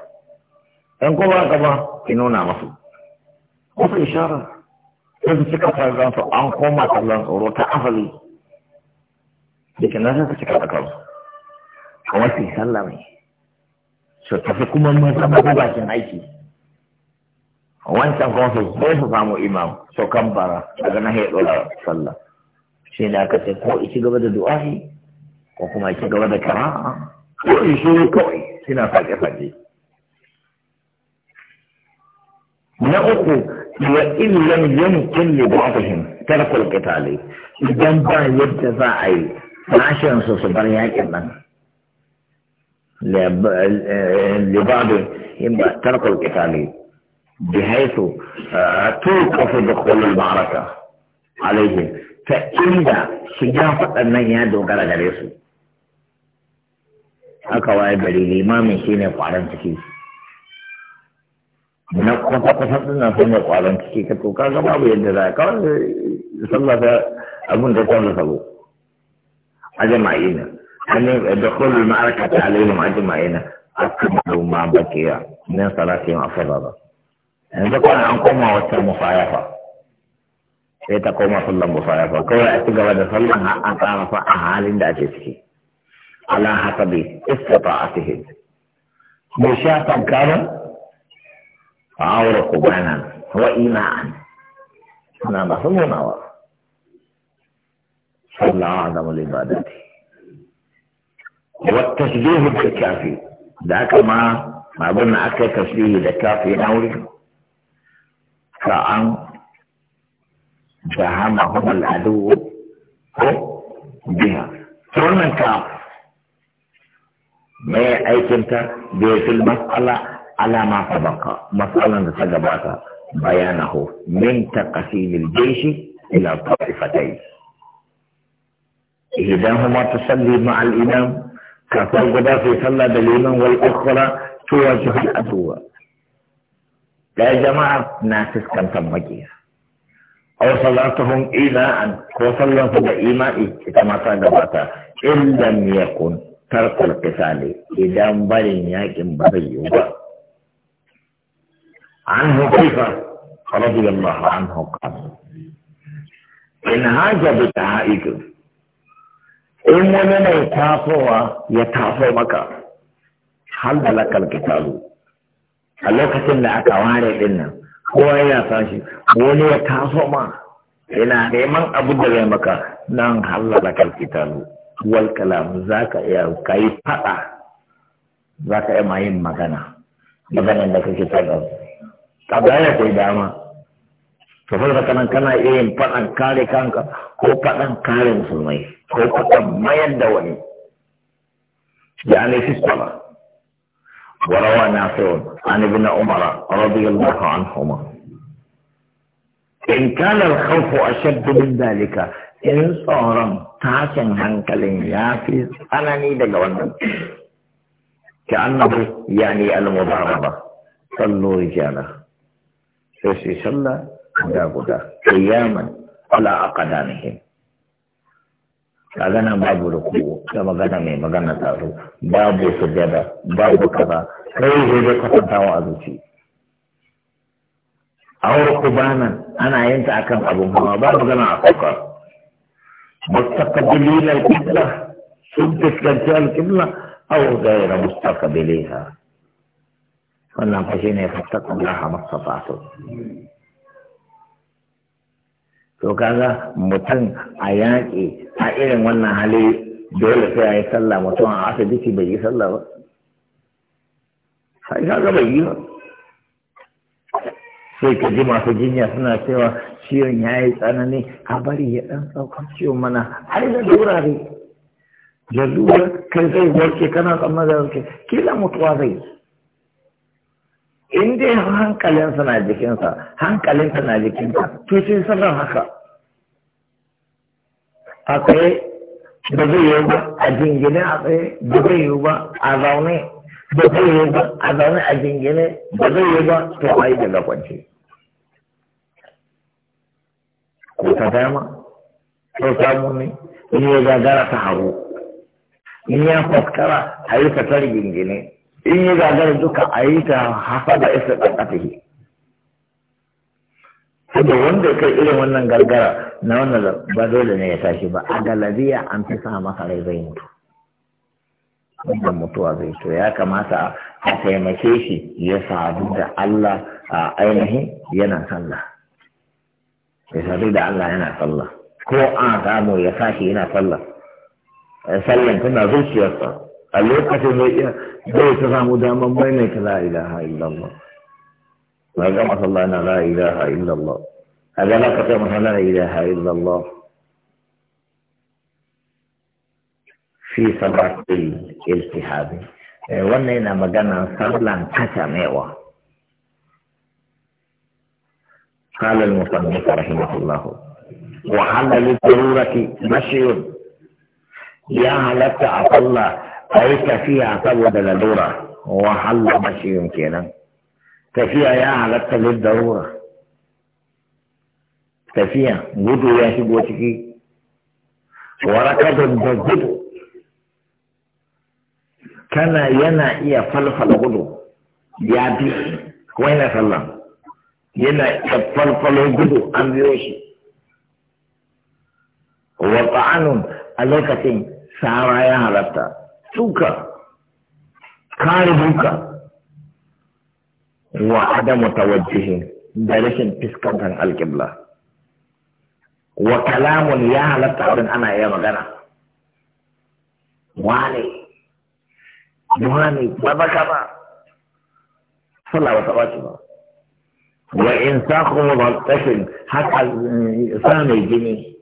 in kuma ka ba ki nuna masu kusa ishara ko su cika farzan su an koma sallan tsoro ta asali da ke nan sai su cika da kansu kuma su yi sallah mai su tafi kuma mun zama bakin aiki wancan kuma su zai su samu imam su kan bara daga na haɗo da sallah shi ne aka ce ko ci gaba da du'ahi ko kuma ci gaba da kara, ko in shi kawai suna faɗe-faɗe na uku wa in lam yamkin li ba'dihim tarkul qitali idan ba yadda za a yi sashen su su bar yakin nan لبعض تركوا القتالي بحيث آه، توقف دخول المعركة عليهم فإذا سجاف أنني يدو قال قريسو أكوا إبري الإمام سيني قوالان تكي نقصة قصة نفسي قوالان تكي كتو كاكا بابو يدد ذاك صلى الله أبو انتقون لصبو أجمعين أجمعين أن دخول المعركة عليهم عندما هنا أكملوا مع بكية من صلاة يوم أفضل هذا ذكر أنكم وصل مصايفة يتقوم صلى مصايفة كما أتقوى صلى الله أتعرف أهالي داجسك على حسب استطاعتهم مشاة كان فأورقوا بنا وإيماء نعم فهمنا الله صلى الله عليه وسلم والتشبيه بالكافي ذاك ما ما قلنا أكل تشبيه بالكافي نوري فأن جهمهم العدو بها ثم كاف ما كنت في المسألة على ما سبق مسألة سبقتها بيانه من تقسيم الجيش إلى طائفتين اذا هما تسلي مع الإمام كفر قدا في صلى دليلا والأخرى توجه العدو يا جماعة ناسس كان تمجيه أو صلاتهم إيماء وصلوا بإيماء كما تقبلت إن لم يكن ترك القتال إذا بلن يكن بذيوبا عنه كيف رضي الله عنه قال إن هاج بتعائكم in wani mai tafowa ya tafo maka hal da kitabu a lokacin da aka ware din nan kowa ya sashi wani ya taso ma yana neman abu da zai maka nan halala kalkitalu wal kalam ka iya kai fada ka iya mayin magana maganan da kake fada kaga ya kai dama to saboda kana kana yin faɗan kare kanka ko faɗan kare musulmai ko faɗan mayar da wani ya ne fi sala warawa na sayo an ibn umar an homa. in kana al-khawf ashadd min dalika in tsoron tashin hankalin ya fi tsanani daga wannan ka annabi yani al-mudaraba sallu rijala sai sai sallah guda guda kiyaman ala aqdanihim kaga nan babu ruku da magana mai magana taro babu sujada babu kaza kai zai da kwatantawa a zuci a wurin bana ana yin ta akan abun hawa ba magana a kokar mustaqbilina al-qibla sun fuskanci al-qibla aw ghayra mustaqbiliha wannan fa shine fattaqullaha mastata'tum to kaga mutum a yaƙi a irin wannan hali dole sai a yi sallah mutum a asibiti bai yi sallah ba sai kaga bai yi ba sai ka ji masu jinya suna cewa ciwon ya yi tsanani a bari ya ɗan saukar ciwon mana har da durare da kai zai warke kana tsammanin warke kila mutuwa zai yi in dai hankalinsa na jikinsa hankalinsa na jikinsa to sai sanar haka a tsaye ba zai yi ba a jingine a tsaye ba zai yi ba a zaune ba zai yi ba a zaune a jingine ba zai yi ba to a yi da kwanci ko ta dama ko samu ne in ya gagara ta hagu in ya fuskara a yi fatar jingine in yi gagar duka a yi ta hafa da isa ƙarƙafihi saboda wanda kai irin wannan gargara na wannan ba dole ne ya tashi ba a galabiya an fi sa maka rai zai mutu wanda mutuwa zai to ya kamata a taimake shi ya sadu da Allah a ainihin yana sallah ya sadu da Allah yana sallah ko an samu ya sashi yana sallah sallan tana zuciyarsa a lokacin zai iya zai ta samu daman maimaita la ilaha illallah ba ga masallah na la ilaha illallah a ga na kasa masa la ilaha illallah fi sabatil iltihabi wannan yana magana sallan kasamewa قال المصنف رحمه الله وحل للضرورة مشي يا هلك أطلع أريك فيها تبود للدورة وحل ما شيء يمكن تفيها يا على التلد ضرورة تفيها بدو يا شي بوتكي وركض بجد كان ينا يا فلفل غدو يا بي وين صلى ينا يا فلفل غدو أم بيوشي وطعن عليك تين سارا يا هلطه suka kare duka wa adamu tawajjihin da rashin fuskantar alƙibla wa kalamun ya halatta wurin ana iya magana wane wane ba ba ba sallah ba ta ɓaci ba wa in sa kuma ba tashin haka sa mai jini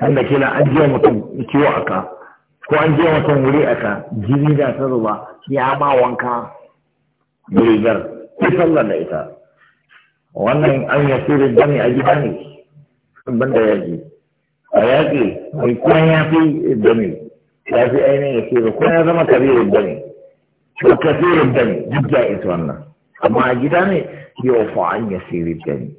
wanda kila an jiya mutum ciwo aka ko an je wata wuri a ka jini da ta zuba ya ma wanka da rigar sai sallar da ita wannan an ya sirri ne a gida ne da yaji a yaƙi mai kuma ya fi ne ya fi ainihin ya sirri kuma ya zama da ne ko kabirin ne duk ya isa wannan amma a gida ne yau fa an ya sirri ne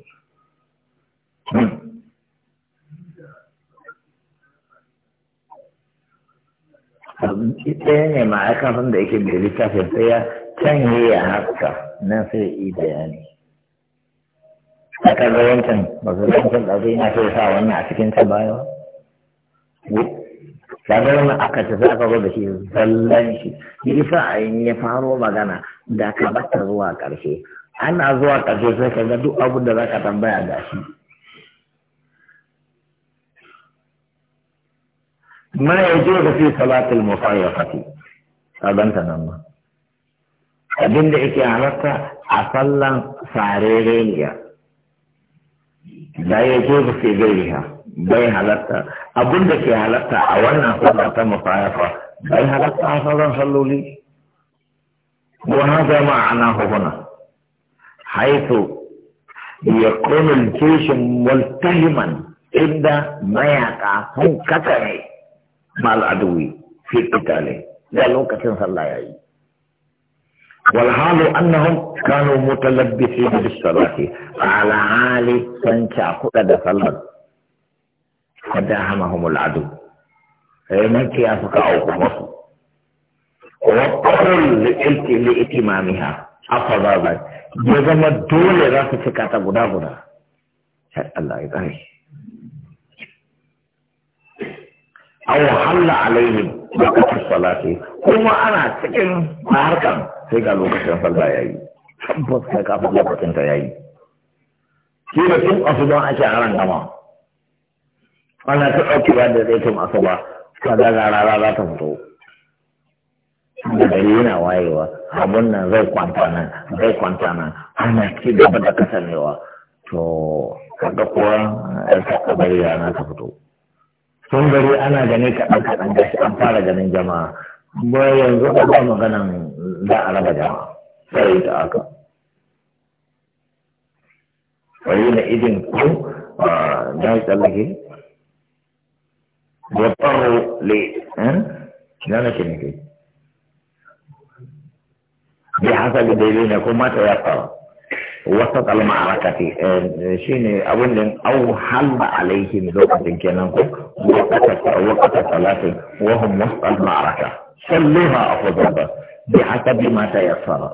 ɗaya ne ma'aikatan da yake da littafin sai ya canye ya haska nan sai yi bayani a kan wancan ba su wancan da zai na so sa wannan a cikin ta baya ba ga wannan aka ci aka zo da shi zallan shi yasa a yin ya faro magana da ka bata zuwa ƙarshe ana zuwa ƙarshe sai ka ga duk abin da za ka tambaya da shi ما يجوز في صلاة المصيفة أبنت نما أبن دعك عرفت أصلا سعريرين لا يجوز في غيرها bai halatta abin da ke halatta a wannan sallah ta musayafa bai halatta a sauran salloli wannan zama ana hukuna haitu ya kunul jeshin multahiman inda mayaka sun مع العدو في قتاله ذلك صلى يعي والحال أنهم كانوا متلبسين بالصلاة على عالي سنشا قد صلى فداهمهم العدو من كيافك أو قمص واضطروا لإتمامها أفضل جزم الدول راسك كاتب غدا غدا الله يبارك aw halla alaihim lokacin salati kuma ana cikin harkan sai ga lokacin ya yi tabbas ka kafa lokacin ta yi, shi da tun asuba ake aran gama ana ta ɗauki ba da zai tun asuba kaga ga rara za ta fito da gari yana wayewa abun nan zai kwanta nan zai kwanta nan ana ci gaba da kasanewa to kaga kuwa ya ta kabari na ta fito sun gari ana gane kaɗan kaɗan gashi an fara ganin jama'a ba yanzu a ba maganan za a raba jama'a sai ta aka wani na idin ku a ya tsallake da wattaru le eh? na na ke nake bi hasabi daidai ne ko mata ya fara وسط المعركة إيه، شيني أولا أو حل عليهم لوقة كنانكم وقت وقت صلاة وهم وسط المعركة صلوها أفضل بحسب ما تيسر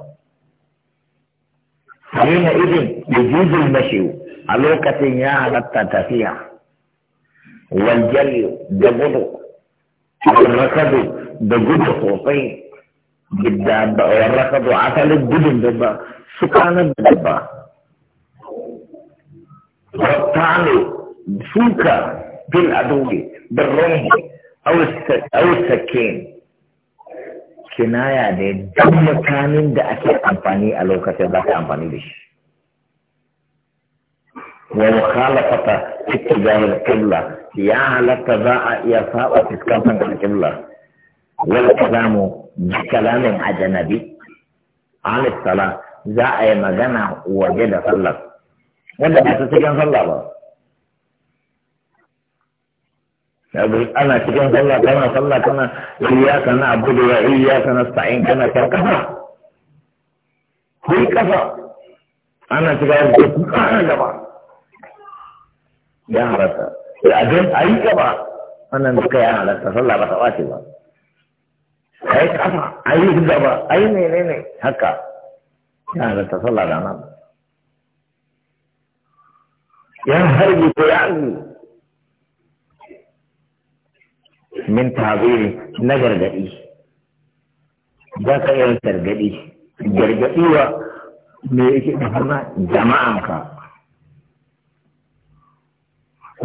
حينئذ يجوز المشي ألوكة يا فيها والجري بغضو والركض بغضو صوتين Gidda a بالدابة والركض وعسل الجبن دبا سكان الدبا والطعن سوكا بالعدو بالرمح أو أو السكين kinaya ne duk mutanen da ake amfani a lokacin za ka amfani da shi wa mukhalafata ittijahil qibla ya halatta za a iya saba fiskantar da qibla wal kalamu ده كلام اجنبي عن الصلاه زعي ما جمع وجد صلى ولا انت سجن صلى الله انا سجن صلى كما صلى كما اياك نعبد واياك نستعين كما كفى في كفى انا تجي صلى يا رب يا اي كفى انا نقي على صلى الله عليه وسلم ai kafa ai gaba ai menene haka yana da ta sallah da nan ya harbi ko ya harbi min tabiri na gargadi za ka yi gargadi gargadi wa me yake da jama'a ka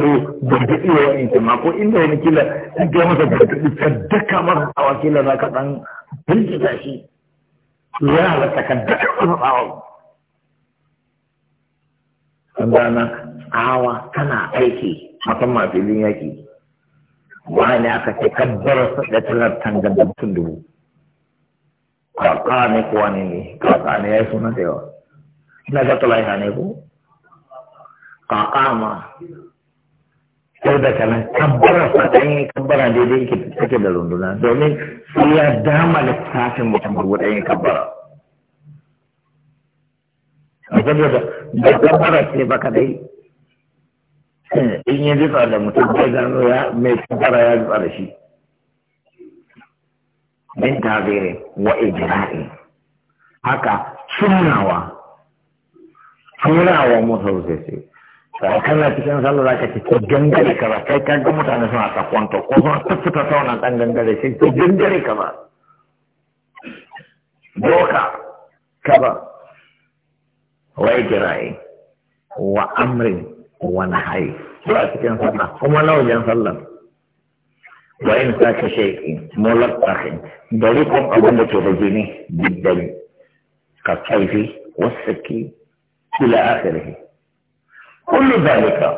ko gargaɗi wa ma ko inda wani kila in kai masa gargaɗi ka daka masa tsawa kila za ka ɗan bincika shi ya halatta ka daka masa tsawa an gana tsawa tana aiki musamman filin yaki wani aka ce kaddara da talar tangar da mutum dubu kaka ne kuwa ne ne kaka ne ya yi suna da yawa ina ga tulaika ne ko kaka ma ko da kana kabbara fatan yi kabbara daidai yake take da runduna domin su ya dama littafin mutum ko da yin kabbara saboda da kabbara ce baka dai eh, in yi jifa da mutum zai gano ya mai kabbara ya jifa da shi min tabirin wa ijra'i haka sunawa sunawa musa sai sai kana cikin sallah zaka ci gangare ka ba kai ka ga mutane suna ta kwanto ko suna ta fita ta wannan dan gangare shi ko gangare ka ba doka ka ba wai girai wa amrin wa nahayi su cikin sallah kuma na wajen sallah wa in sa ka shaiki mulattakin da ko abin da ke da jini biddali ka kaifi wasu ki ila akhirih kullu zalika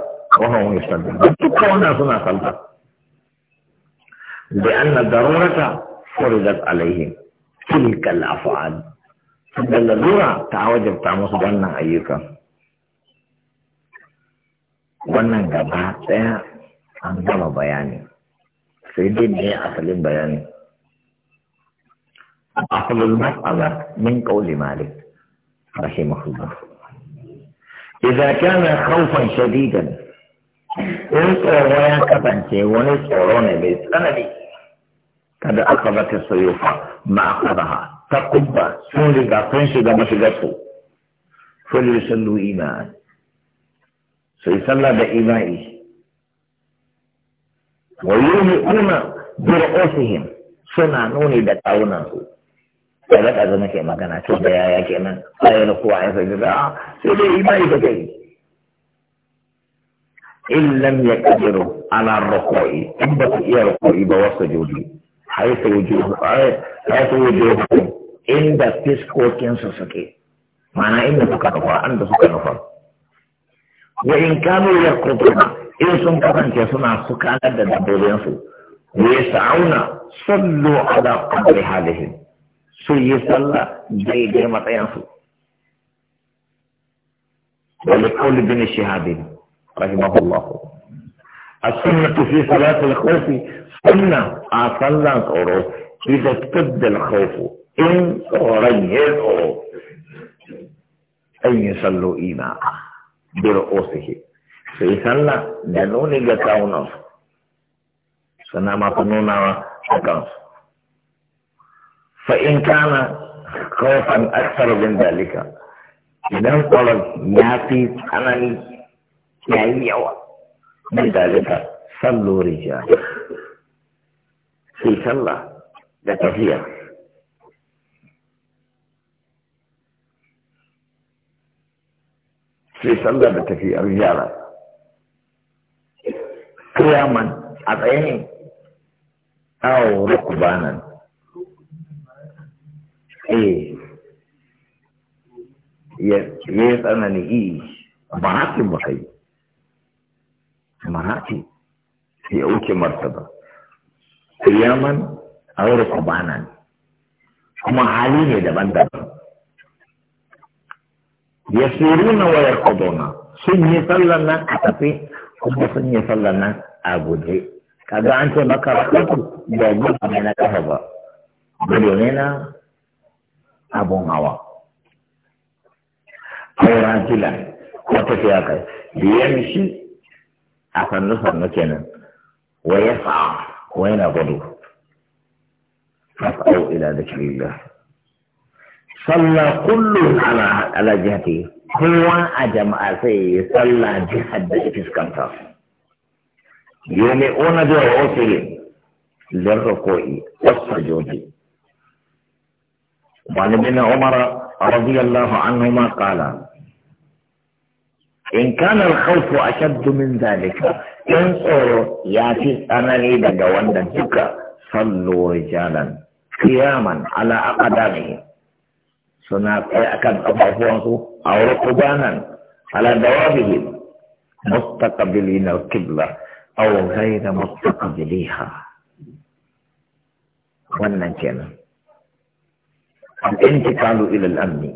wa hum yusallun duk wannan suna sallah bi anna darurata furidat alaihim tilka al-af'al da lalura ta wajabta musu wannan ayyuka wannan gaba ɗaya an gama bayani sai dai ne asalin bayani asalin mas'ala min qawli malik rahimahullah إذا كان خوفا شديدا انقر وينقفا ونصر بسند قد أخذت السيوف ما أخذها تقب سنرق تنشد مشدته فليصلوا إيماء سيصلى بإيمائه ويومئون برؤوسهم سنانون بتاونته da na ɗaza nake magana to da yaya kenan ayo na kowa ya sai da a sai dai imani da kai in lam yaqdiru ala ruku'i in ba su iya ruku'i ba wasu jodi haifa wujuhu haifa wujuhu inda fiskokinsu suke mana inda suka nufa an da suka nufa wa in kanu yaquduna in sun kasance suna sukanar da dabbobinsu wa yas'auna sallu ala qadri halihim سيسالا جي جي ما تينفو ولقول رحمه الله السنة في صلاة الخوف سنة أصلا قروه إذا تبد الخوف إن ريحوا أن يصلوا إيماء برؤوسه سيسال دانوني جتاونا سنة ما تنونا fa'in kana kawafan aksar bin dalika idan tsoron ya fi tsanani ya yi yawa bin dalika sallo rijiya sai sallah da tafiya sai sallah da tafiyar yara kiyaman a tsaye ne awo rukubanan eh ya ya tsanani eh mahakin ba kai mahaki ya wuce martaba kiyaman aure kubanan kuma hali ne daban-daban yasiruna wa yarquduna sun yi sallan nan a tafi kuma sun yi sallan nan a guje kaga an ce maka rakatu ba gudu ne na kafa ba gudu ne na abun hawa auren fila ko tafiya kai da shi a sannu sannu kenan wa ya sa wa yana gudu fasau ila da kirila sallah kullum ala ala jihati kowa a jama'a sai ya sallah jihar da fuskanta yomi ona da wa ofiri ko'i, wasu joji وعن ابن عمر رضي الله عنهما قال إن كان الخوف أشد من ذلك ينصر ياتي إذا جواند دجك صلوا رجالا قياما على أقدامه سنة أكد أبعفوانه أو رقبانا على دوابهم مستقبلين القبلة أو غير مستقبليها wannan al-intiqalu ila al-amni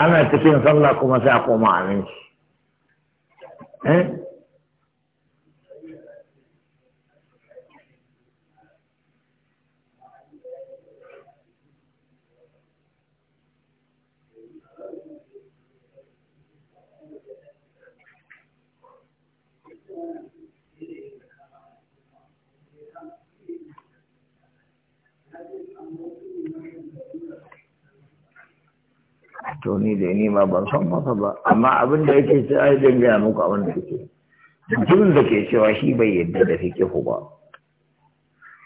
ana cikin sallah kuma sai a koma aminci eh? to ni da ni ma ban san masa ba amma abin da yake ce ai dan gaya muku abin da yake mutumin da ke cewa shi bai yadda da fikihu ba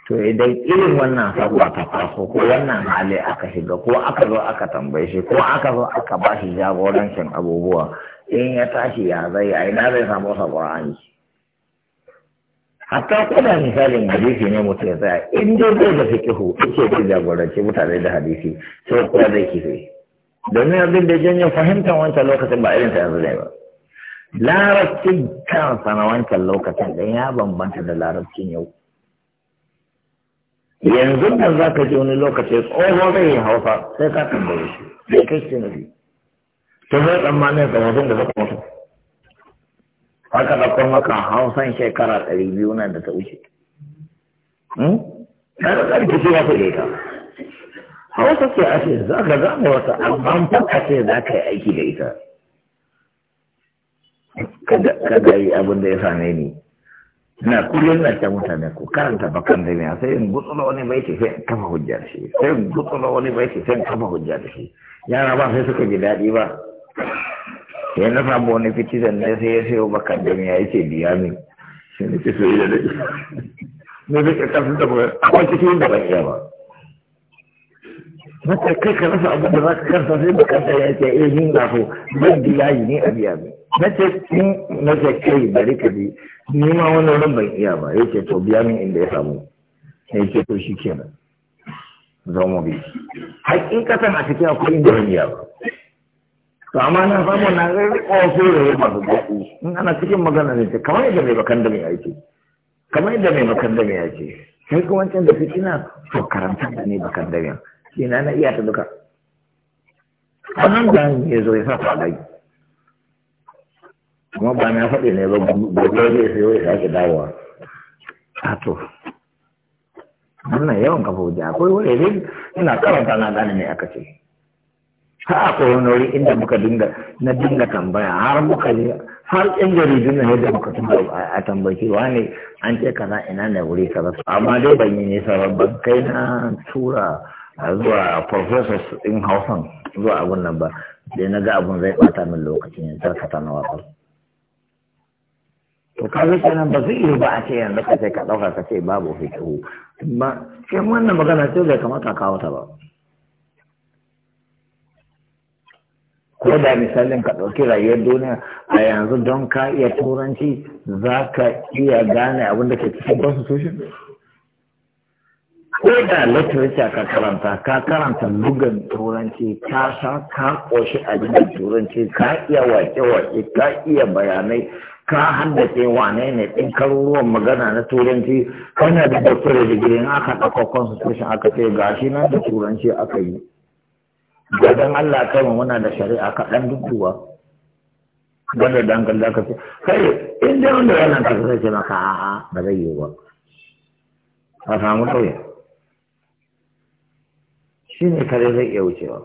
to idan irin wannan sabu aka faso ko wannan hali aka shiga ko aka zo aka tambaye shi ko aka zo aka ba shi jagorancin abubuwa in ya tashi ya zai ai na zai samu sabuwar hatta ko da misalin hadisi ne mutum ya tsaya in dai zai da fikihu ake zai jagoranci mutane da hadisi sai kuma zai kife domin abin da janyo fahimtar wancan lokacin ba irin ta yanzu ne ba larabcin kansa na wancan lokacin da ya bambanta da larabcin yau yanzu nan za ka ji wani lokaci tsohon rai hausa sai ka tambaye shi sai kai shi na biyu ta zai tsammanin tsohon da zaka mutu haka da kuma maka hausan shekara ɗari biyu nan da ta wuce. Kada ƙarfi shi ya fi ta. hawa take ce za ka zama wata amma fa a ce za ka yi aiki da ita kada yi abin da ya same ni na kullum na ta mutane ku karanta bakan da miya sai in gutsula wani bai ce sai in kafa hujjar shi sai in gutsula wani bai ce sai in kafa hujjar shi yara ba sai suka ji daɗi ba sai na samu wani fiti da na sai ya sayo bakan da miya ce biya min sai nake so yi da dai ne bai ka karfi da ba a kwanci cikin da ban ya ba Mata kai ka rasa abin da za ka karsa sai ba karsa ya ce eh ni na so zan bi layi ne a biya ne. Na ce in na ce kai bari ka bi ni ma wannan ran ban iya ba ya ce to biya min inda ya samu. Ya ce to shi kenan. Za mu bi. Hakikatan a cikin akwai inda ban iya ba. to amma na samu na rikon saurayi masu daɗi in ana cikin magana ne ce kamar yadda mai bakan da mai aiki kamar yadda mai bakan da mai aiki sai kuma can da fitina to karanta da ne bakan da mai shi na na iya ta duka wannan da ya zo ya sa gai. kuma ba na faɗi ne ba gobe zai sayo ya sake dawowa a to wannan yawan kafa waje akwai wani zai ina karanta na gane ne aka ce har akwai wani wuri inda muka dinga na dinga tambaya har muka je har yan jaridun na yadda muka tambaya a tambayi ne an ce kaza ina ne wuri kaza amma dai ban yi nisa ba kai na tura A zuwa professors in hausan zuwa abun nan ba sai na ga abun zai bata min lokacin yin tarkata na wakar. to ka zai kenan ba zai yi ba a ce yanzu ka sai ka ɗauka ka ce babu fikihu ba sai wannan magana ce bai kamata kawo ta ba ko da misalin ka ɗauki rayuwar duniya a yanzu don ka iya turanci za ka iya gane abin da ke cikin constitution ko da literature ka karanta ka karanta bugan turanci ka sa ka koshi a turanci ka iya wake-wake ka iya bayanai ka haddace wane ne ɗin karuruwan magana na turanci kana da doctorate degree in aka ɗauka constitution aka ce gashi nan da turanci aka yi gadon Allah kai muna da shari'a ka ɗan dudduwa gwada dangal da ka ce kai in dai wanda yana ka kasance maka a'a ba zai yi ba a samu lauya shi ne kare zai iya wucewa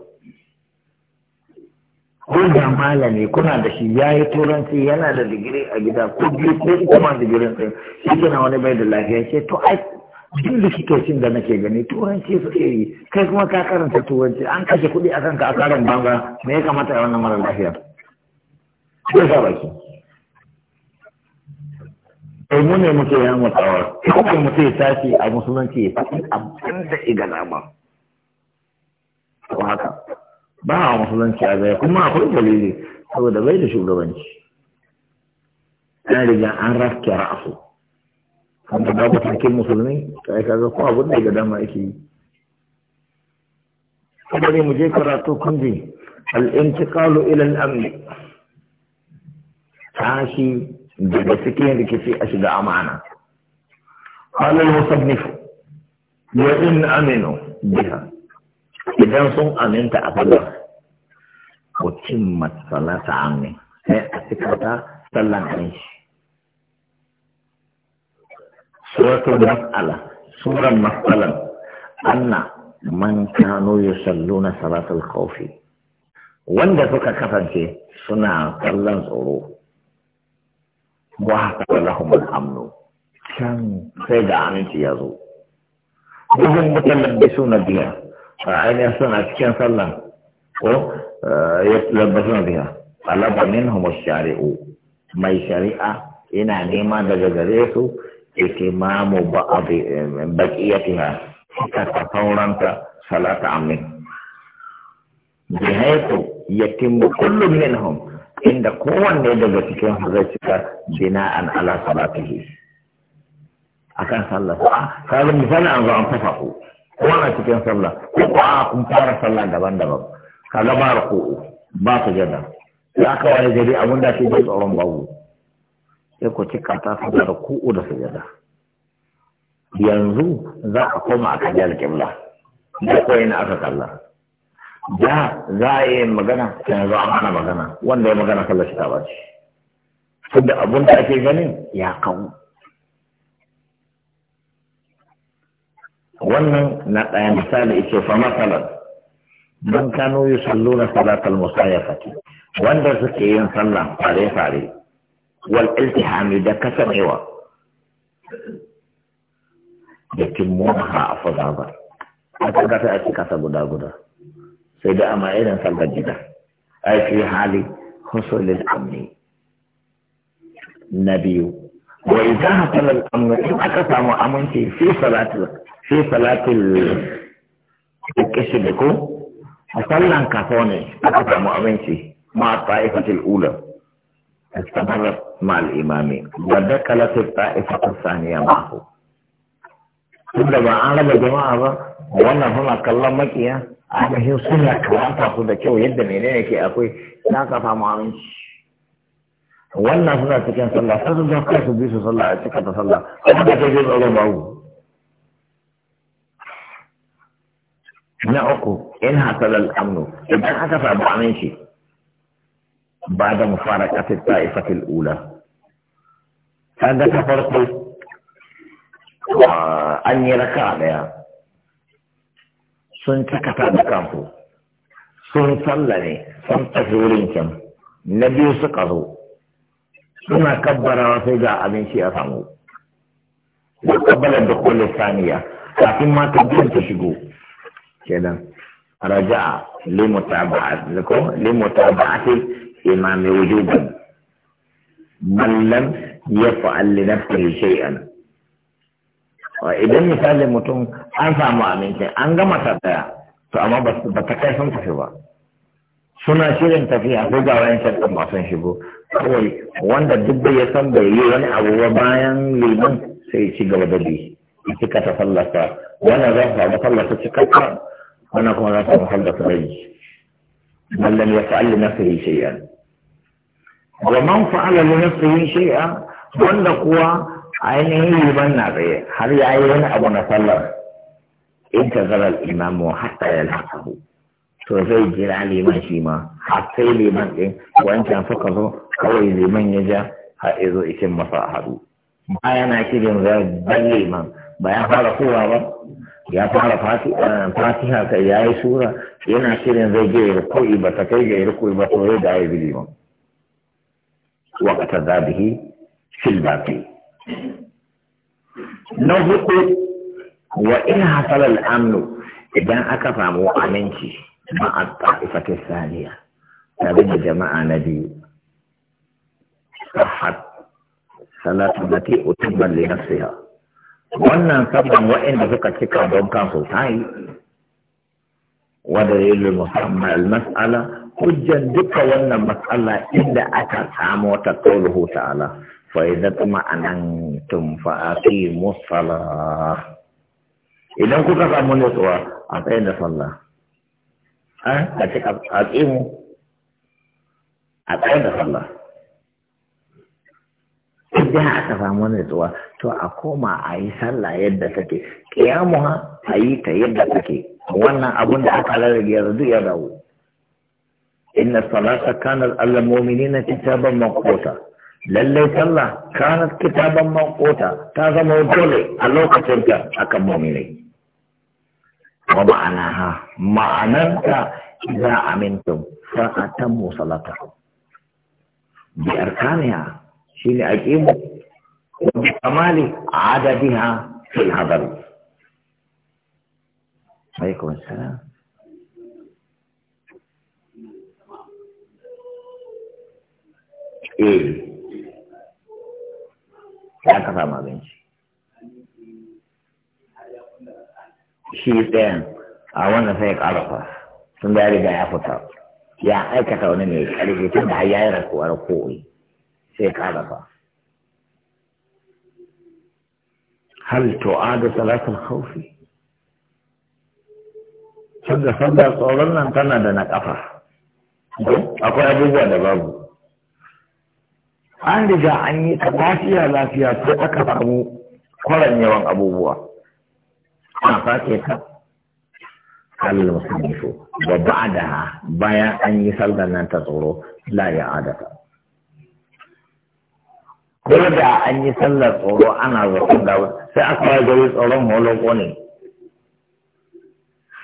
ko da malami kuna da shi ya yi turanci yana da digiri a gida ko biyu ko uku ma digirin Sai shi kina wani bai da lafiya ce to ai duk likitocin da nake gani turanci suke yi kai kuma ka karanta turanci an kashe kuɗi a kanka a karin banga me ya kamata a wannan mara lafiya zai sa baki Sai mu ne muke yan mutawa kuma mutum ya tashi a musulunci ya faɗi abin da iga ko haka ba a musulunci a gaya kuma akwai dalili saboda bai da shugabanci ana riga an rafke ra'asu kan da babu sarkin musulmi ta yi ga kuma abin da ga dama yake yi kuma ne mu je karatu kun al al'intikalu ilal amni tashi daga cikin rikici a shiga amana قال المصنف وإن أمنوا بها aminu idan sun aminta a sallar ko cin ta amin sai a cikata sallan an shi suratul mas'ala suran mas'alan anna man sallu na salatul kofi. wanda suka kasance suna sallan tsoro wa ta lahum al-amnu can sai da aminci ya zo mutanen mutalabbisu suna biya a ainihin suna cikin sallan ko eh, ya labbasuna biya talaba minhum shari'u mai shari'a ina nema daga gare su itimamu ba'abi eh, baqiyatiha suka ta sauranta salata amin bihaitu kullum kullu minhum inda kowanne daga cikin zai cika an ala salatihi akan sallah ka ah, misali an zo an ku. wannan cikin sallah ko ko a kun fara sallah daban-daban kaga ba ruku'u ba jada. ya ka wani gari abin da ke bai tsoron babu sai ku cika ta sallah ruku'u da jada. yanzu za a koma a kan jihar kibla da koyi na aka kalla da za a yi magana sai yanzu a hana magana wanda ya magana kalla shi ta ba ce tunda abin da ake ganin ya kawo wannan na ɗaya misali ita fa masalan man kano yi salatal na salatul musayafati wanda suke yin sallah fare-fare wal iltihami da kasamewa da kimmoha a fazabar a tagata a cika ta guda-guda sai da amma irin sallar gida a fi hali husulil amni na biyu wa idan hasalar amni in aka samu aminci fi salatul في صلاة الكسب يكون أصلا كفوني أكتب مؤمنتي مع الطائفة الأولى استمرت مع الإمام ودكلت الطائفة الثانية معه كل ما أعلم الجماعة وأنا هنا كلمك يا أنا هي سنة كلام تأخذ كيو يد من هنا كي أقول لا كفا معاوينش وأنا هنا تكن صلى الله فرد الله كيف بيسو صلى الله كيف تصلى أنا كيف يدعو الله نعقو إنها حصل الأمن إذا حصل أبعانيشي بعد مفارقة الطائفة الأولى عند تفرق وأن يركع لها سنت كتاب كامفو سنت اللني سنت زورين كم نبي سقظو سنة كبرة وفيدة أمين شيء أثامو وقبل الدخول الثانية لكن ما تبين تشقو kenan raja'a limutaba'ati ko imami wujuban man lam yaf'al li nafsihi shay'an idan misali mutum an samu aminci an gama ta daya to amma ba ta kai sun tafi ba suna shirin tafiya ko ga wayan shaɗin ba sun shigo kawai wanda duk da ya san bai yi wani abu ba bayan liman sai ci gaba da bi cika ta fallasa wannan za su samu fallasa cikakka wannan kuma za su samu fallasa rai mallam ya fa'al na nafsihi shay'an wa man fa'ala li nafsihi shay'an wanda kuwa ainihin liman na tsaye har ya yi wani abu na sallar in ta zara imamu hatta ya lafahu to zai jira liman shi ma har sai liman ɗin wancan suka zo kawai liman ya ja har izo ikin masa a haɗu Ma yana kirin zai ban liman ba ya fara kowa ba ya fara eh, fatiha ka ya yi sura yana shirin zai je ya rukui ba ta kai ga ya rukui ba to ya da ya bili ba zabihi, ka fil baqi na huku wa in hasala al amnu idan aka samu aminci ma a ta'ifatis saniya tare da jama'a na biyu sahat salatu lati utimman li nafsiha wannan sabon wa'inda suka cika don kansu ta yi wadda yi mas'ala hujjan duka wannan mas'ala inda aka samu wata ala kuma a nan tun fa'afi musala idan kuka samu nutsuwa a tsayin da sallah ka cika a tsimu a tsayin da sallah idan aka samu nutsuwa to a koma a yi sallah yadda take ƙiyamaha a yi ta yadda take wannan abun da aka rarrage yanzu ya dawo inna salata kanat allal mu'minina kitaban mawquta lallai sallah kanat kitaban mawquta ta zama dole a lokacin ka akan mu'minai wa ma'anan ka idza amintum fa atammu salata bi arkaniha shine aqimu وبكمال عددها في الهضم عليكم السلام ايه يا كفا ما بينش شيطان اوانا فيك عرفة ثم داري جاي افوتا يا ايكا تونيني اللي يتم بحيائرك واركوي فيك عرفة hal tu'adu salatul khawfi sanda sanda tsoron nan tana da na kafa akwai abubuwa da babu an riga an yi ta lafiya lafiya sai aka samu kwaran yawan abubuwa ana sake ta halin musulmi so da ba'da bayan an yi sallar nan ta tsoro la ya adata ko da an yi sallar tsoro ana zaton da sai aka gari tsoron holoko ne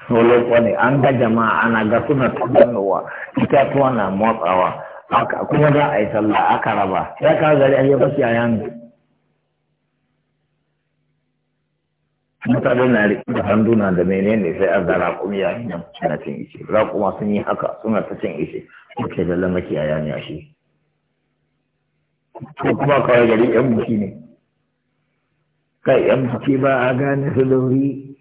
holoko ne an ga jama'a ana ga suna tabbanowa itatuwa na motsawa kuma za a yi sallah aka raba ya aka gari an yi fashi a yanu mutane na riƙe da handuna da menene sai an zara raƙumi yayin nan cin ishe kuma sun yi haka suna ta cin ishe kuke da lamaki a yani a shi ko kuma kawai gari yan biki ne kai yan biki ba a gane su lauri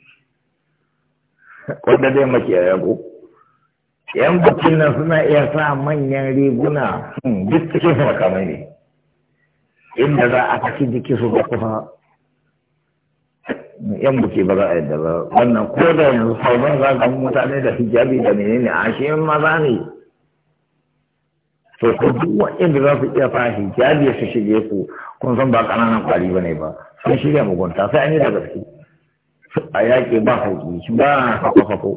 wanda zai mace a yago yan bikin nan suna iya sa manyan riguna hmm, duk cikin su makamai ne inda za a kaci jiki su ba kusa yan buke ba za a yadda ba wannan ko da yanzu sauran za ga mutane da hijabi da menene a shi maza ne to ko duk wanda za su iya fara hijabi su shige ku kun san ba ƙananan ƙwari ba ne ba sun shirya mugunta sai an yi da gaske a yaƙi ba hauki shi ba hako-hako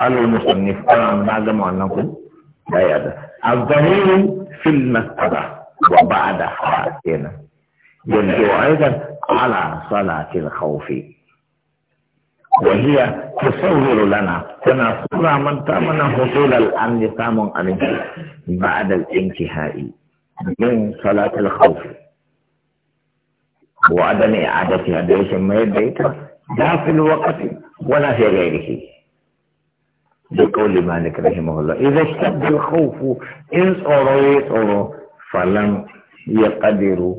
alal musannif ana na gama wannan ku da ya da azzahiru fil mas'ala wa ba'da ha kenan yanzu aidan ala salatil khawfi wa hiya tusawwiru lana كنا من تمنا حصول الأمن فامن أمين بعد الانتهاء من صلاة الخوف وعدم إعادة هذا يسمى يبيت لا في الوقت ولا في غيره بقول مالك رحمه الله إذا اشتد الخوف إن أريت فلم يقدروا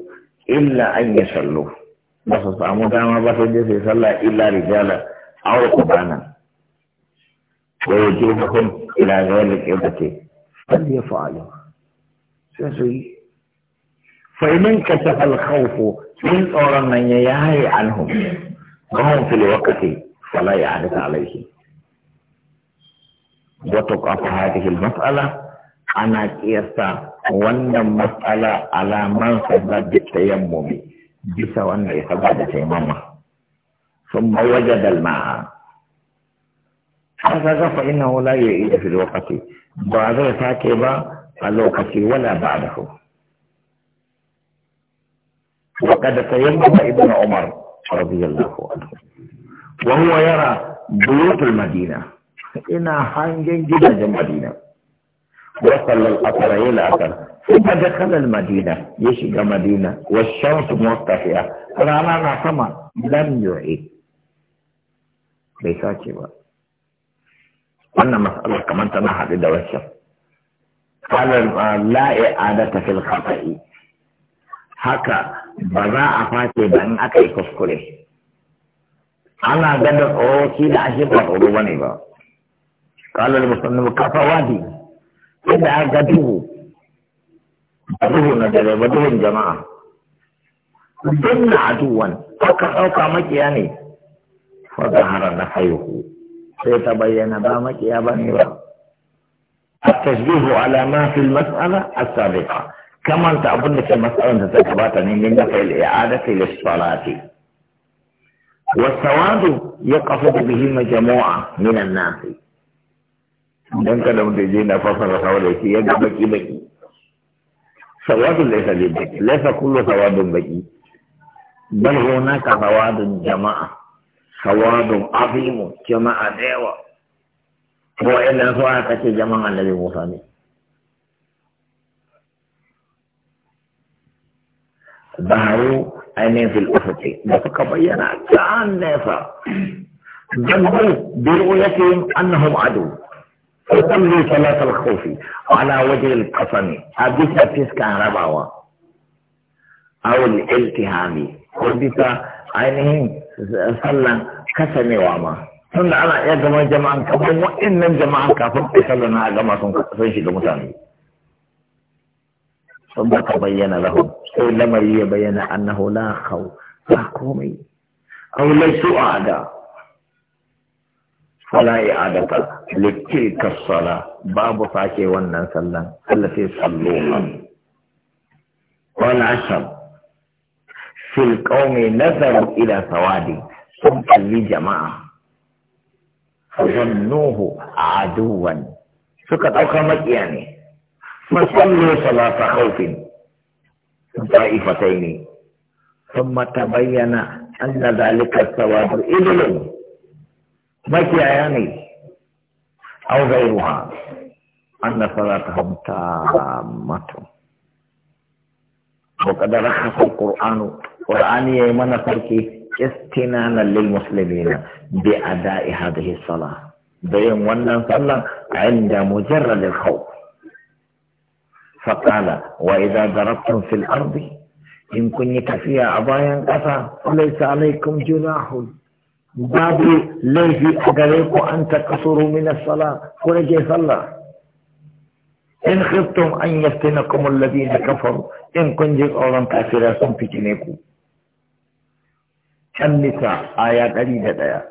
إلا أن يصلوا بس صاموا دائما بس يجلس يصلى إلا رجالا أو قبانا ويجيبهم إلى غير القبلة فليفعلوا سيسوي فإن انكشف الخوف من أورا من يهي عنهم وهم في الوقت فلا يعرف عليهم وتقف هذه المسألة أنا كيسا وأن المسألة على من سبب التيمم بس وأن يسبب التيمم ثم وجد الماء هذا فإنه لا يعيد في الوقت بعد فاكبة الوقت ولا بعده وقد تيمم ابن عمر رضي الله عنه وهو يرى بيوت المدينة إنها حنجين جدا المدينة وصل الأثر إلى الأثر ثم دخل المدينة يشق مدينة والشمس مرتفعة رانا سما لم يعيد ليس بقى wannan mas'alar kamar tana haɗu da waccan halar ah, la i'adata fil khata'i haka ba za a face ba in aka yi kuskure ana gada tsoro shi da ashe ba tsoro ba ne ba kalar musamman kafa wadi inda aka ga duhu a duhu na dare ba duhun jama'a duk na aduwan aka ɗauka makiya ne fa zahara na haihu سيتبين ما يا بني رب التشبيه على ما في المسألة السابقة كما انت اظن المسألة انت تتباتني من نفع الاعادة للصلاة والثواب يقصد به مجموعة من الناس انت لو تجينا فصل حولك يد بكي بكي ثواب ليس لي ليس كل ثواب بكي بل هناك ثواب جماعه ثواب عظيم جماعة هو إلا فاتت جماعة الذي وصلني ظهروا أين في الأفق بينا كأن نافع جمعوا برؤيتهم أنهم عدو فصلوا صلاة الخوف على وجه القصم أبيسا تسكى ربعوة أو الالتهام قلت عينهم sallan kasanewa ma tun da ana iya gama jama'an kafin wa'annan jama'an kafin a sallan na gama sun shiga mutane sun ba ka bayyana lahu sai lamari ya bayyana annahu la khawf ba komai aw laysu ada fala i'adata litilka sala babu sake wannan sallan allati salluha wal ashr fil kaume nazar ila sawadi sun kalli jama'a fazannuhu aduwan suka ɗaukar makiya ne fasallu salata khawfin ta'ifatai ne sun mata bayyana an zalika sawadu makiyaya ne au gairuwa an na salata hamta matu وقد رخص القرآن قرآن يمنى فرقي استنانا للمسلمين بأداء هذه الصلاة بين ونن صلى عند مجرد الخوف فقال وإذا ضربتم في الأرض إن كنت فيها عبايا قطع وليس عليكم جناح بابي ليس أدريك أن تكسروا من الصلاة قل صلى إن خفتم أن يفتنكم الذين كفروا إن كنت أولا تأثيركم في جنيكم النساء آيات عديدة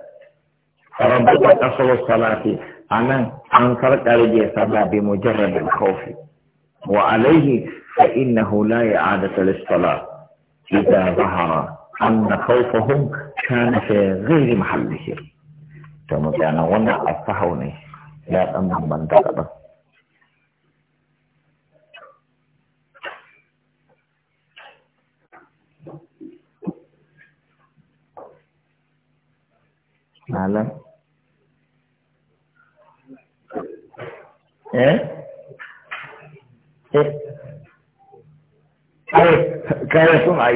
ربك أصل الصلاة أنا أنكرت عليه صلاة بمجرد الخوف وعليه فإنه لا إعادة للصلاة إذا ظهر أن خوفهم كان في غير محله. Kemudian, wana asahuni, lihat emang bantak apa.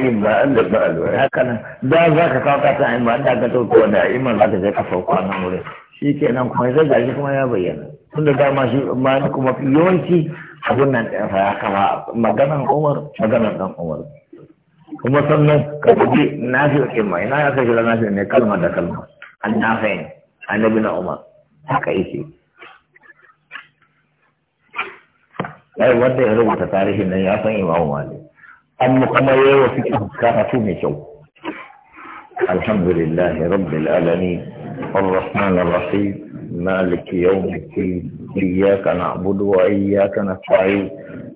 yin ba an da ba alwai. haka nan da za ka kawo ka yin ba an da ka tauko da iman za ka je ka sauko a nan wurin shi kenan kuma zai gaji kuma ya bayyana da dama shi ma kuma yawanci abun nan ɗin ya kama maganan umar maganan ɗan umar kuma sannan ka ji na fi ke mai na ya kashe na fi ne kalma da kalma an na fi annabi na umar haka yake ai wanda ya rubuta tarihin nan ya san imamu malik أما كما يوفي كانت من شوق الحمد لله رب العالمين الرحمن الرحيم مالك يوم الدين إياك نعبد وإياك نستعين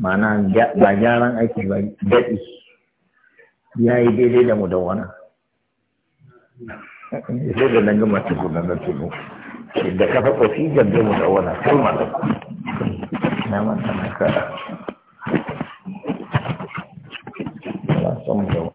mana ba gyaran aiki ba daɗi ya yi daidai da mu da wani sai da nan gama da kafa kofi mu da wani na na kara